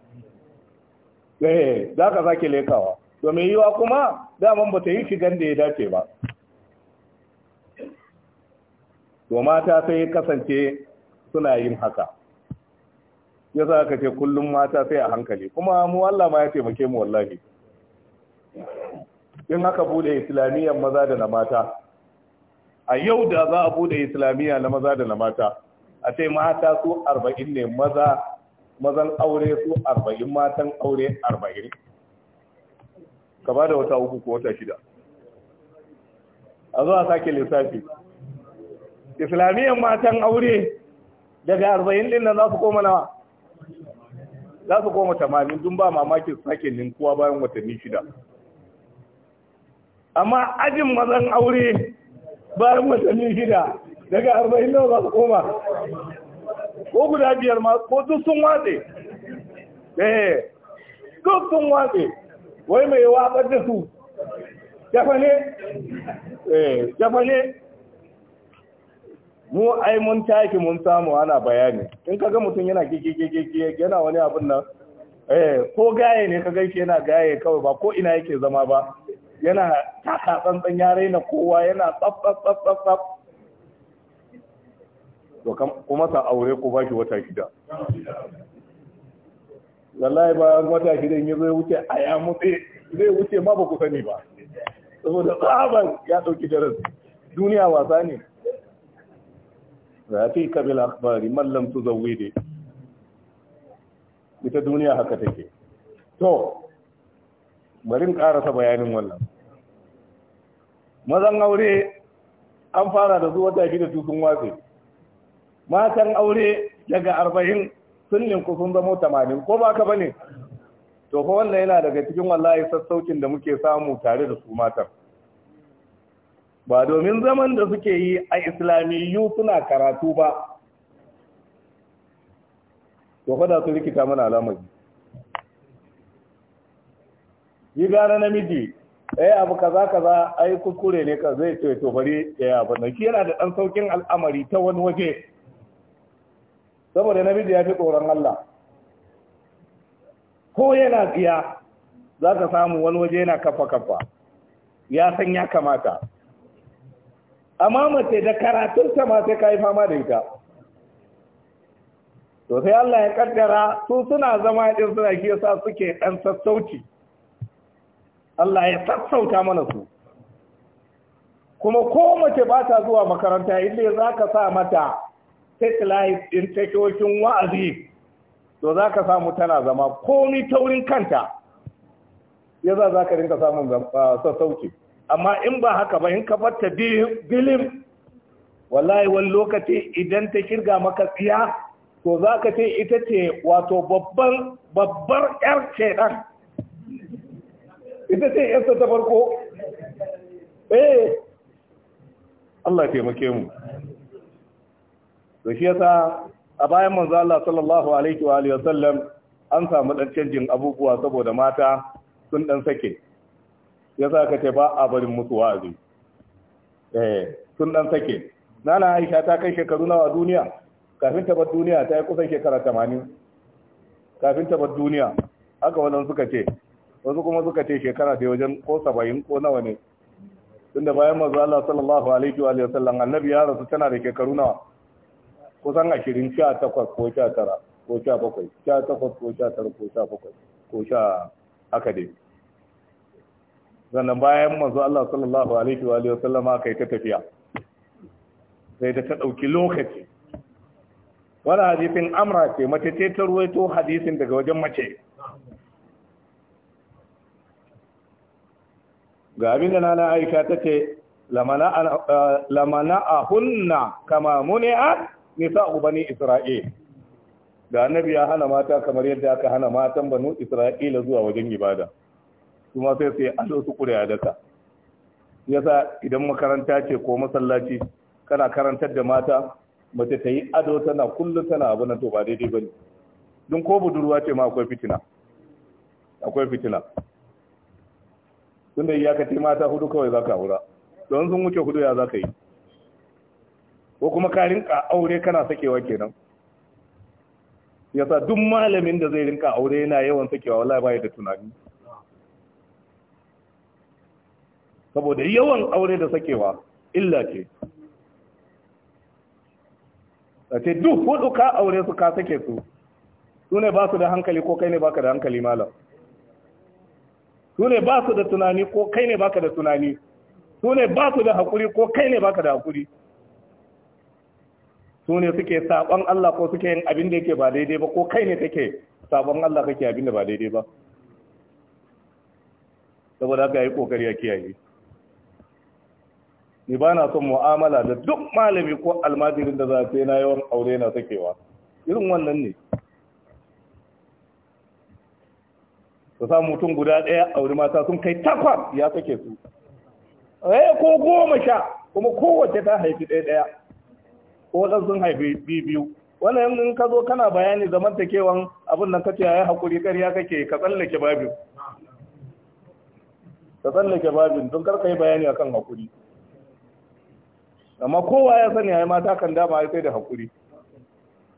eh zaka sake lekawa to me yiwa kuma daman ba ta yi shigan da ya dace ba to mata sai kasance suna yin haka ya sa ka ce kullum mata sai a hankali kuma mu Allah ma ya taimake mu wallahi in haka bude islamiyyar maza da na mata a yau da za a bude islamiyya na maza da na mata a ce mata su arba'in ne maza mazan aure su arba'in matan aure arba'in ka ba da wata uku ko wata shida a zo a sake lissafi islamiyyar matan aure daga arba'in din nan za su koma nawa za su koma tamamin dun ba mamakin sake ninkuwa bayan watanni shida amma ajin mazan aure bayan watanni shida daga arba'in nawa za su koma ko guda biyar ma ko duk sun watse ɗaya eh, duk sun watse wai mai watsar da su jafane eh, jafane mu ai mun taki mun samu ana bayani in kaga mutum yana gigigigigi yana wani abin nan eh, ko gaye ne ka gaishe yana gaye kawai ba ko ina yake zama ba yana taka tsantsan ya raina kowa yana tsaf-tsaf-tsaf to kuma ta aure ko bashi wata shida lallai ba wata shida in zai wuce a ya mutse zai wuce ma ba ku sani ba saboda tsaban ya dauki darasi duniya wasa ne rafi kabil mallam su zauwe tuzawwidi ita duniya haka take to bari in karasa bayanin wannan mazan aure an fara da zuwa da gida tukun watse matan aure daga arba'in sun linku sun zamo tamanin ko ba ka bane to fa wannan yana daga cikin wallahi sassaucin da muke samu tare da su matan ba domin zaman da suke yi a islamiyyu suna karatu ba to fa da su rikita mana alamaji. yi gara namiji eh abu kaza kaza ai kukure ne ka zai ce to bari ya ba na yana da dan saukin al'amari ta wani waje saboda namiji ya fi tsoron Allah ko yana tsiya za ka samu wani waje yana kafa kafa ya san ya kamata amma mace da karatun ma sai ka yi fama da ita to sai Allah ya kaddara su suna zama din suna kiyasa suke dan sassauci Allah ya sassauta mana su kuma ko mace ba ta zuwa makaranta inda za ka sa mata satellite in tashoshin wa'azi to za ka samu tana zama komi taurin kanta ya za za ka rinka samun ah, sassauci amma in ba haka ba in ka farta bilim wallahi wani lokaci idan ta kirga maka tsiya to za ka ce ita ce wato babban babbar 'yar cedan ita ce yasta ta farko eh Allah taimake mu to shi yasa a bayan manzo Allah sallallahu alaihi wa alihi wasallam an samu dan canjin abubuwa saboda mata sun dan sake yasa ka ce ba a barin musu wa'azi eh sun dan sake nana Aisha ta kai shekaru nawa duniya kafin ta bar duniya ta yi kusan shekara 80 kafin ta bar duniya haka wannan suka ce wasu kuma suka ce shekara da wajen ko saba'in ko nawa ne tunda bayan manzo Allah sallallahu alaihi wa sallam annabi ya rasu tana da shekaru nawa kusan ashirin sha takwas ko sha tara ko sha bakwai sha takwas ko sha tara ko sha bakwai ko sha haka dai sannan bayan manzo Allah sallallahu alaihi wa sallam aka yi ta tafiya sai da ta ɗauki lokaci wani hadisin amra ce mace ce ta ruwaito hadisin daga wajen mace ga abinda na aika ta ce lamana eh, a hunna kama muni'at nisa'u bani isra'il ga annabi ya hana mata kamar yadda aka hana matan banu isra'ila zuwa wajen ibada kuma sai sai allo su kure a daka yasa idan makaranta ce ko masallaci kana karantar da mata mace ta yi ado tana kullum tana abu na to ba daidai ba ne. don ko budurwa ce ma akwai fitina akwai fitina tunda iyakaci mata hudu kawai za ka hura don sun wuce hudu ya za ka yi ko kuma ka rinka aure kana sakewa kenan yasa duk malamin da zai rinka aure yana yawan sakewa wallahi bai da tunani saboda yawan aure da sakewa illa ce a ce duk hudu ka aure su ka sake su su ne ba su da hankali ko kai ne baka da hankali malam su ne ba su da tunani ko kai ne baka da tunani su ne ba su da haƙuri ko kai ne baka da haƙuri su ne suke saɓon Allah ko suke yin abin da yake ba daidai ba ko kai ne kake saɓon Allah kake abin da ba daidai ba saboda haka yi ƙoƙari ya kiyaye ni ba na son mu'amala da duk malami ko almajirin da za a na yawan aure na sakewa irin wannan ne ka samu mutum guda ɗaya a auri mata sun kai takwas ya sake su eh ko goma sha kuma kowace ta haifi ɗaya ɗaya ko waɗansu sun haifi biyu biyu wannan in ka zo kana bayani zamantakewan abin nan ka yi hakuri ƙarya kake ka tsallake babin ka tsallake babin don karka yi bayani akan hakuri amma kowa ya sani ai mata kan dama sai da hakuri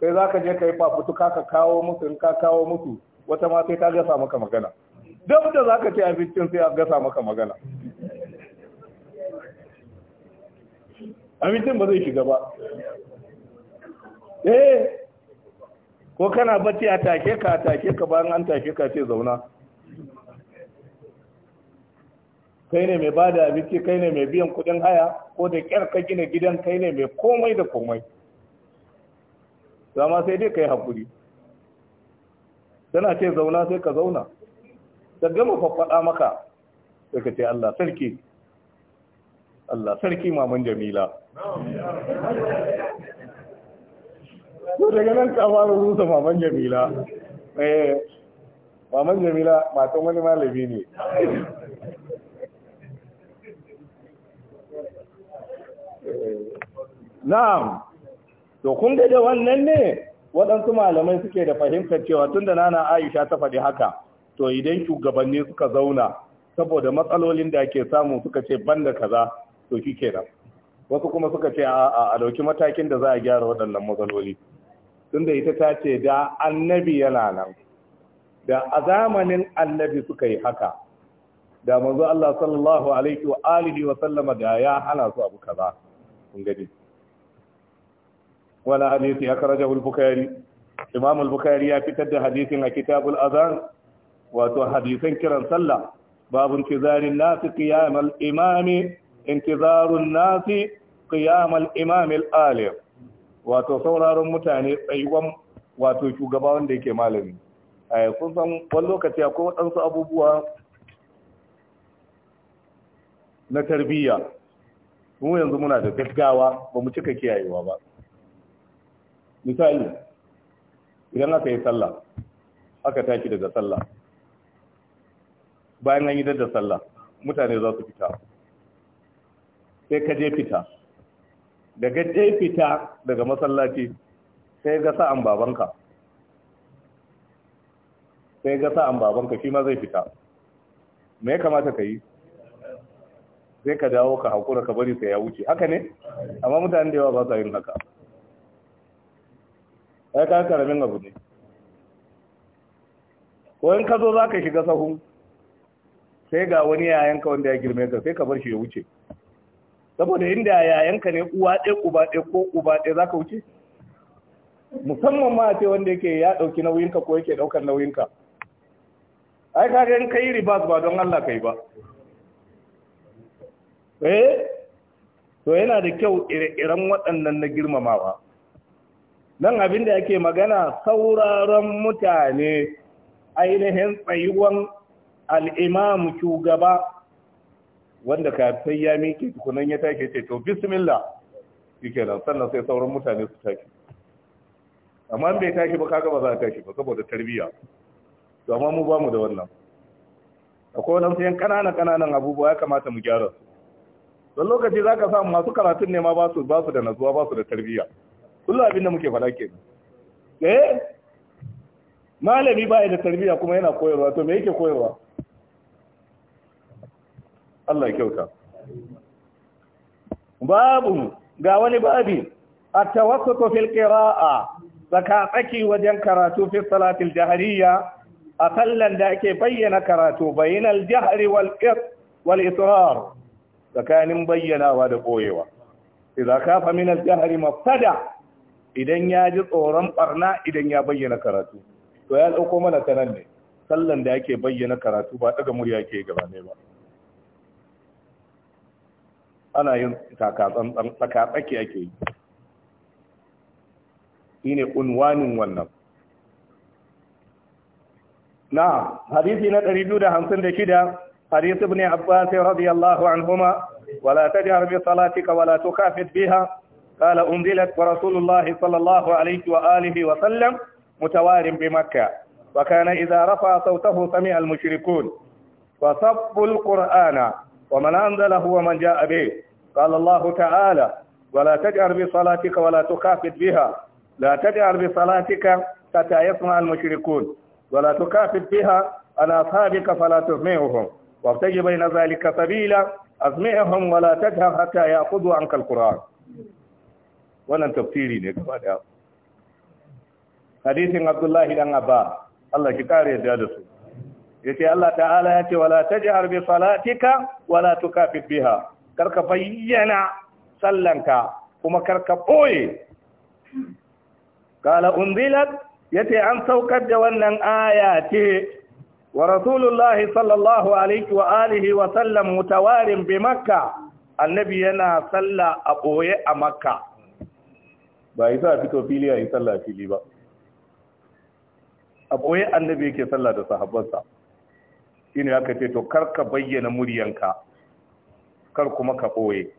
kai ka je yi fafutuka ka kawo musu ka kawo musu wata ma sai ta gasa maka magana duk da za ka ci abincin sai a gasa maka magana abincin ba zai shiga ba eh ko kana bacci a take ka a take ka bayan an take ka ce zauna kai ne mai ba da abinci kai ne mai biyan kudin haya ko da kyar ka gina gidan kai ne mai komai da komai zama sai dai ka yi haƙuri tana ce zauna sai ka zauna ta gama faffada maka sai ka ce Allah sarki Allah sarki maman Jamila to daga nan ka fara rusa maman Jamila eh maman Jamila matan wani malami ne eh, na'am to kun ga da wannan ne waɗansu malamai suke da fahimtar cewa tun da nana aisha ta faɗi haka to idan shugabanni suka zauna saboda matsalolin da ake samu suka ce banda kaza to shi kenan wasu kuma suka ce a ɗauki matakin da za a gyara waɗannan matsaloli tun da ita ta ce da annabi yana nan da a zamanin annabi suka yi haka da manzo Allah sallallahu alaihi wa alihi wa sallama da ya hana su abu kaza kun gani wani hadisi ya karaja bukari imam bukari ya fitar da hadisin a kitabul azan wato hadisan kiran sallah babu intizarin nasi qiyamal imami intizarun nasi qiyamal imami al wato sauraron mutane tsayuwan wato shugaba wanda yake malami eh, kun san wani lokaci akwai waɗansu abubuwa na tarbiyya mu yanzu muna da gaggawa ba mu cika kiyayewa ba misali idan aka yi sallah aka tashi daga sallah bayan an yi da sallah mutane za su fita sai ka je fita daga je fita daga masallaci sai ga sa'an babanka sai ga sa'an babanka shi ma zai fita me ya kamata ka yi sai ka dawo ka haƙura ka bari sai ya wuce haka ne amma mutane da yawa ba sa yin haka ai ka karamin abu ne ko in ka zo za ka shiga sahu sai ga wani yayanka wanda ya girme ka sai ka bar shi ya wuce saboda inda yayanka ne uwa ɗaya uba ɗaya ko uba ɗaya za ka wuce musamman ma ce wanda yake ya ɗauki nauyinka ko yake ɗaukar nauyinka ai ka ga in kai ribas ba don Allah kai ba eh to yana da kyau ire-iren waɗannan na girmamawa nan abin da yake magana sauraron mutane ainihin tsayuwan al'imamu shugaba wanda kafin ya miƙe tukunan ya take ce to bismillah yake nan sannan sai sauran mutane su take amma bai take ba kaga ba za a take ba saboda tarbiyya to amma mu ba mu da wannan akwai wani sayan ƙananan ƙananan abubuwa ya kamata mu gyara su don lokaci za ka samu masu karatun ne ma ba su da natsuwa ba su da tarbiyya kullum abin da muke faɗa ke eh malami ba da tarbiyya kuma yana koyarwa to me yake koyarwa Allah ya kyauta babu ga wani babi at-tawassutu fil qira'a zaka tsaki wajen karatu fi salatil jahriya a da ake bayyana karatu bainal jahri wal wal israr tsakanin bayyanawa da koyewa idza kafa min al jahri mafsada idan ya ji tsoron barna idan ya bayyana karatu to ya dauko mana tanan ne sallan da yake bayyana karatu ba daga murya ke gaba ne ba ana yin takatsantsan tsakatsaki ake yi shine unwanin wannan na hadisi na 256 hadisi ibn abbas radiyallahu anhuma wala tajhar bi salatika wala tukafit biha قال أنزلت ورسول الله صلى الله عليه وآله وسلم متوار بمكة وكان إذا رفع صوته سمع المشركون وصفوا القرآن ومن أنزله ومن جاء به قال الله تعالى ولا تجعر بصلاتك ولا تكافت بها لا تجعر بصلاتك حتى يسمع المشركون ولا تكافد بها عن أصحابك فلا تسمعهم وابتج بين ذلك سبيلا أسمعهم ولا تجهر حتى يأخذوا عنك القرآن wannan tafsiri ne gaba daya hadisin abdullahi dan abba Allah ki kare yadda da su yace Allah ta'ala ya ce wala taj'ar bi salatika wala tukafif biha karka bayyana sallanka kuma karka boye kala unzilat yace an saukar da wannan aya ce wa rasulullah sallallahu alaihi wa alihi wa sallam mutawarin bi makka annabi yana salla a boye a makka ba yi sa fito fili a yi sallah fili ba a ɓoye annabi yake sallah da sahabbansa shi ne aka ce to kar ka bayyana muryanka kar kuma ka ɓoye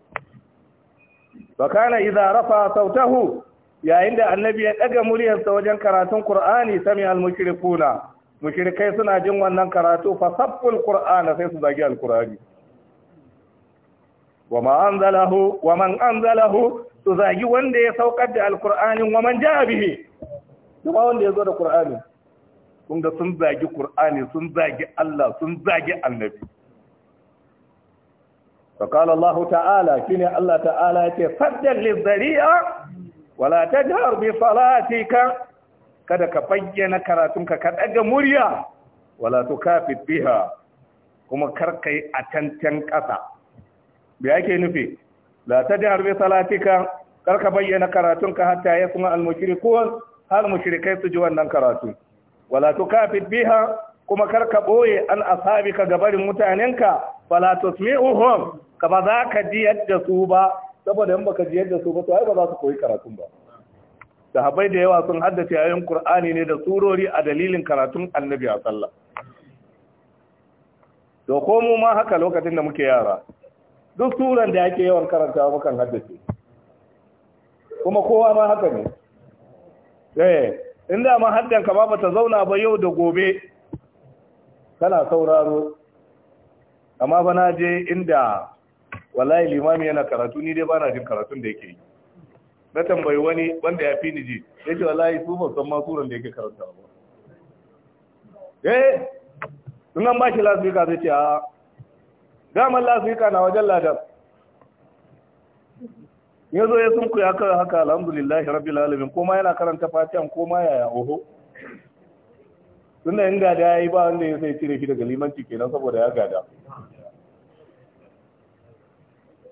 ba kana iza rafa sautahu yayin da annabi ya ɗaga muryarsa wajen karatun Kur'ani, sami al mushirikuna mushirikai suna jin wannan karatu fa sabbul qur'ana sai su zagi al wa an zalahu wa man su zagi wanda ya saukar da alqur'anin wa man jaa bihi kuma wanda ya zo da Kur'ani, kun ga sun zagi Kur'ani, sun zagi Allah sun zagi annabi fa qala Allah ta'ala shine Allah ta'ala yake faddal lizariya wala tajhar bi salatika kada ka bayyana karatunka ka daga murya wala tukafit kuma karkai a tantan ƙasa me yake nufi la harbe bi salatika kar ka bayyana karatun ka hatta ya kuma al mushrikun hal mushrikai su ji wannan karatu wala kafit biha kuma kar ka boye an ashabika gabarin mutanenka fala tusmi'uhum ka ba za ka ji yadda su ba saboda in baka ji yadda su ba to ai ba za su koyi karatun ba sahabbai da yawa sun haddace ayoyin Qur'ani ne da surori a dalilin karatun Annabi a sallah to ko mu ma haka lokacin da muke yara duk turan da yake yawan karanta mukan haddace kuma kowa ma haka ne eh inda ma haddan ka ba ta zauna ba yau da gobe kana sauraro amma ba na je inda wallahi limami yana karatu ni dai bana jin karatun da yake yi na tambayi wani wanda ya fi ni ji yace wallahi su ba san ma turan da yake karanta ba eh in an ba shi lafiya zai ce a daman yi na wajen ladan ya zo ya sunku ya kawai haka alhamdulillahi rabbil alamin koma yana karanta fatihan koma yaya oho suna yin gada ya yi ba wanda ya sai cire shi daga limanci kenan saboda ya gada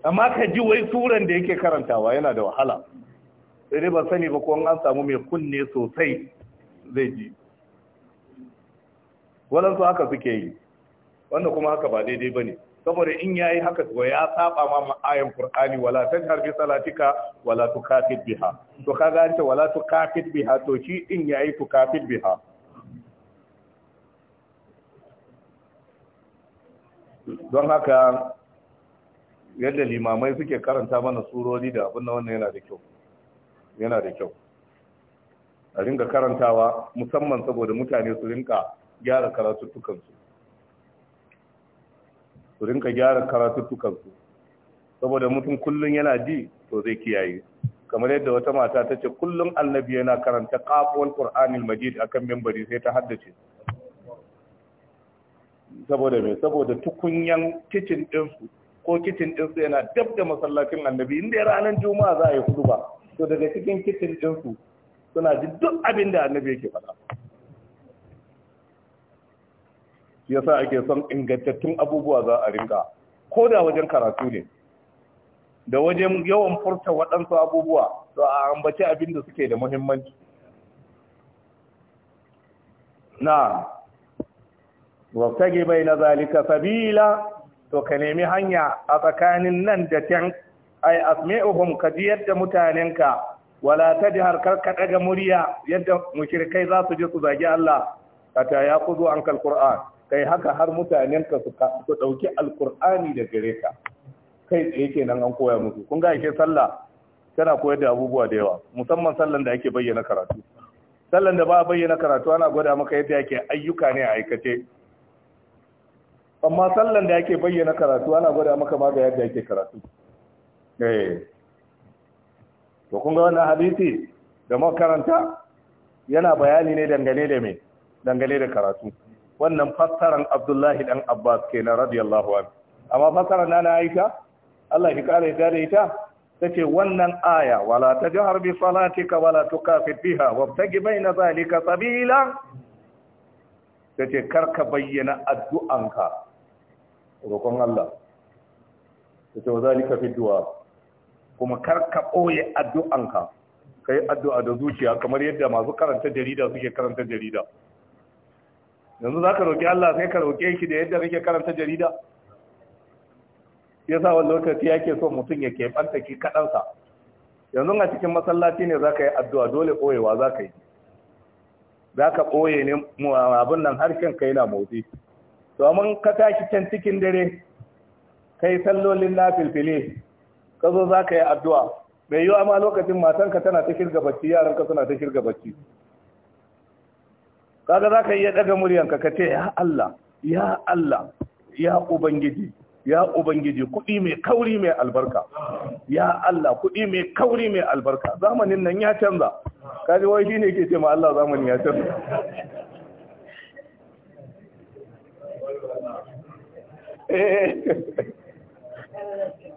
amma ka ji wai suran da yake karantawa yana da wahala sai dai ba sani ba ko an samu mai kunne sosai zai ji wadansu haka suke yi wanda kuma haka ba daidai ba ne saboda in yayi haka to ya saba ma ayan qur'ani wala tajhar bi salatika wala tukafit biha to kaga an ce wala tukafit biha to shi in yayi tukafit biha don haka yadda limamai suke karanta mana surori da abin nan wannan yana da kyau yana da kyau a ringa karantawa musamman saboda mutane su ringa gyara karatu tukansu su rinka gyara karatuttukansu saboda mutum kullum yana ji to zai kiyaye kamar yadda wata mata ta ce kullum annabi yana karanta kafuwar qur'anil majid akan membari sai ta haddace saboda me saboda tukunyan kitchen ɗinsu ko kitchen ɗinsu yana dab da masallacin annabi inda ya ranar juma'a za a yi hudu ba to daga cikin kitchen ɗinsu suna ji duk abin da annabi yake faɗa shi yasa ake son ingantattun abubuwa za a rinka ko da wajen karatu ne da wajen yawan furta waɗansu abubuwa to a ambaci abin da suke da muhimmanci na wabtage bai na zalika sabila to ka nemi hanya a tsakanin nan da can ai asmi'uhum ka ji yadda mutanenka wala ta ji harkar ka ɗaga murya yadda mushrikai za su je su zagi Allah kata ya kuzo an kal Qur'an kai haka har mutanenka su su dauki Alkur'ani da gare ka kai tsaye nan an koya musu kun ga ke sallah tana koyar da abubuwa da yawa musamman sallan da ake bayyana karatu sallan da ba a bayyana karatu ana gwada maka yadda ake ayyuka ne a aikace amma sallan da ake bayyana karatu ana gwada maka ma ga yadda ake karatu eh to kun ga wannan hadisi da makaranta yana bayani ne dangane da me dangane da karatu wannan fassaran abdullahi dan abbas kenan radiyallahu anhu amma fassaran nana aisha Allah ya kare ta da ita tace wannan aya wala tajhar bi salatika wala tukafit biha wabtagi baina zalika sabila tace karka bayyana addu'anka roƙon Allah tace wa zalika fi du'a kuma karka ɓoye addu'anka ka yi addu'a da zuciya kamar yadda masu karanta jarida suke karanta jarida yanzu za ka roƙi Allah sai ka roƙe shi da yadda rike karanta jarida yasa wani lokaci ke so mutum ya keɓanta ki kaɗansa yanzu a cikin masallaci ne za ka yi addu'a dole ɓoyewa za ka yi za ka ɓoye ne abin nan harshen ka na motsi to amma ka tashi can cikin dare kai sallolin na filfile ka zo za ka yi addu'a mai yiwa ma lokacin matanka tana ta shirga bacci yaranka suna ta shirga bacci kaga za ka iya daga muryanka ka ce ya Allah ya Allah ya ubangiji ya ubangiji kuɗi mai kauri mai albarka ya Allah kuɗi mai kauri mai albarka zamanin nan ya canza kaji wai shi ne ke ce ma Allah zamanin ya canza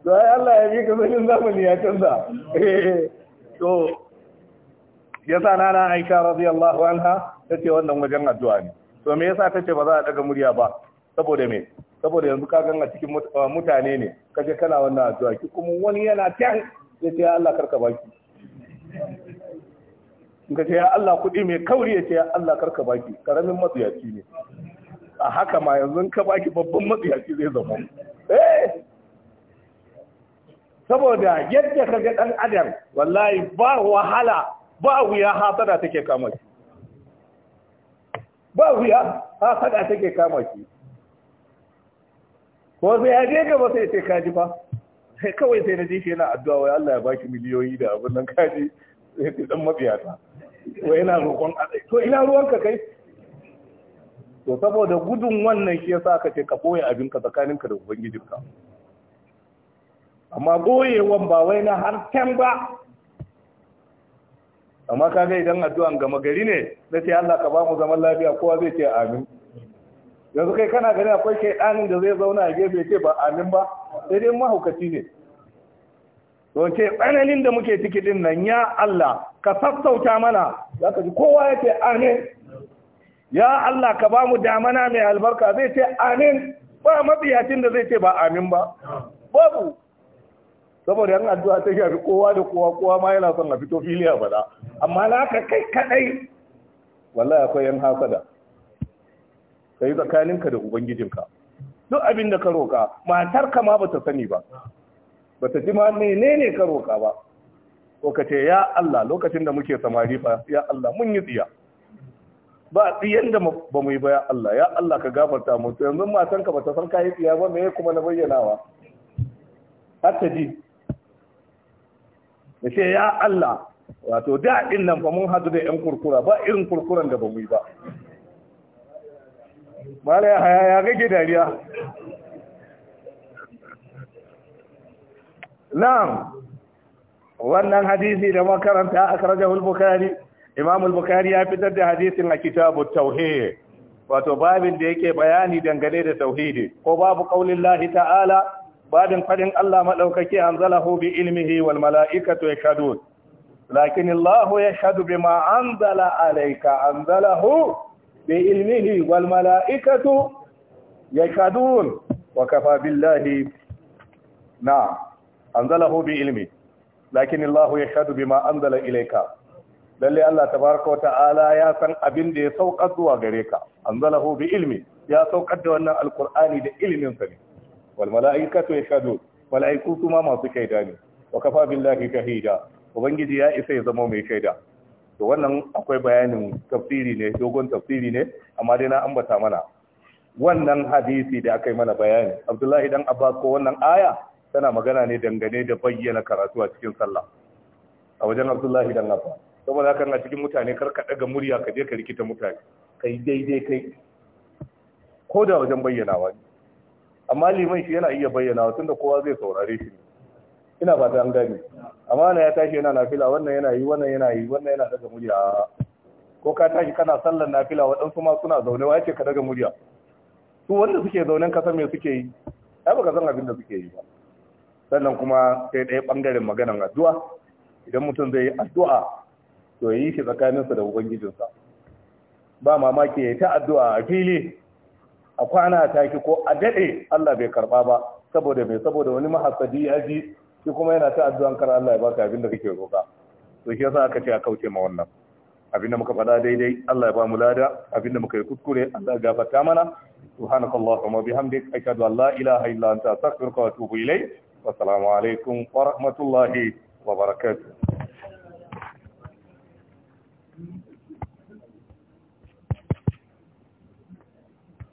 Zai eh. Allah ya bi ka sanin zamani ya canza eh. to yasa nana aisha radiyallahu anha tace wannan wajen addu'a ne to me yasa tace ba za a daga murya ba saboda me saboda yanzu ka ganga cikin mutane ne kaje kana wannan addu'a ki kuma wani yana tan yace ya Allah karka baki in ka ce ya Allah kuɗi mai kauri ya ce ya Allah karka baki karamin matsiyaci ne a haka ma yanzu ka baki babban matsiyaci zai zama eh saboda yadda ka ga ɗan adam wallahi ba wahala ba wuya hasada take kama shi ba wuya hasada take kama shi ko sai ya je gaba sai ce kaji ba, sai kawai sai na jishe shi yana addu'a wai Allah ya baki miliyoyi da abin nan kaji sai ka dan mabiyata wai yana roƙon to ina ruwan ka kai to saboda gudun wannan shi yasa aka ce ka boye tsakanin tsakaninka da ubangijinka amma goyewan ba wai na har can ba amma kaga idan addu'an gama gari ne na ce Allah ka ba mu zaman lafiya kowa zai ce amin yanzu kai kana gani akwai ɗanin da zai zauna a gefe ce ba amin ba sai dai mahaukaci ne don ce tsananin da muke ciki din nan ya Allah ka sassauta mana za ka ji kowa ya ce amin ya Allah ka ba mu damana mai albarka zai ce amin ba mabiyacin da zai ce ba amin ba babu saboda yan addu'a ta shafi kowa da kowa kowa ma yana son a fito fili a faɗa amma na ka kai kadai wallahi akwai yan hasada kai tsakaninka da ubangijinka duk abin da ka roka matar ka ma bata sani ba bata ji ma menene ka roka ba ko ka ce ya Allah lokacin da muke samari fa ya Allah mun yi tsiya ba tsiyan da ba mu yi ba ya Allah ya Allah ka gafarta mu yanzu matan ka bata san kai tsiya ba me kuma na bayyana wa ta ji ya ce ya Allah wato da in nan fa mun hadu da yan kurkura ba irin kurkuran da ba mu yi ba mala ya haya ya gage dariya na'am wannan hadisi da makaranta a akrajahul bukhari imam ya fitar da hadisin a kitabu tauhid wato babin da yake bayani dangane da tauhidi ko babu ƙaunin lahi ta'ala babin faɗin Allah maɗaukaki, an zala bi ilmihi wal malaikatu shaɗu. lakin Allah ya shaɗu ma an zala alaika, an zala bi ilmihi wal malaikatu shaɗu. wa kafa billahi an zala bi ilmi lakin Allah ya shaɗu ma an zala ilaika. lalle Allah tabaraka wa ta'ala ya san abin da ya sauƙa zuwa gare ka An zala bi ilmi ya sauƙa da wannan alqur'ani da ilmin sa ne wal mala'ikatu yashhadun mala'iku kuma masu shaida ne wa kafa billahi shahida ubangiji ya isa ya zama mai shaida to wannan akwai bayanin tafsiri ne dogon tafsiri ne amma dai na ambata mana wannan hadisi da aka yi mana bayani abdullahi dan abbas ko wannan aya tana magana ne dangane da bayyana karatu a cikin sallah a wajen abdullahi dan abbas saboda haka na cikin mutane kar ka daga murya ka je ka rikita mutane kai daidai kai ko da wajen bayyana wani. amma liman shi yana iya bayyana tunda kowa zai saurare shi ina fata an gane amma na ya tashi yana nafila wannan yana yi wannan yana yi wannan yana daga murya ko ka tashi kana sallar nafila waɗansu ma suna zaune wace ka daga murya su wanda suke zaunen kasa mai suke yi ai baka san abin da suke yi ba sannan kuma sai ɗaya ɓangaren maganan addu'a idan mutum zai yi addu'a to yi shi tsakaninsa da ubangijinsa ba mamaki ya yi ta addu'a a fili a kwana a taki ko a daɗe Allah bai karɓa ba saboda mai saboda wani mahasadi ya ji shi kuma yana ta addu'an kar Allah ya baka abin da kake roƙa to shi yasa aka ce a kauce ma wannan abin da muka faɗa daidai Allah ya ba mu lada abin da muka yi kuskure Allah ya gafarta mana subhanakallahumma bihamdik ashhadu an la ilaha illa anta astaghfiruka wa atubu ilayk wa assalamu alaikum wa rahmatullahi wa barakatuh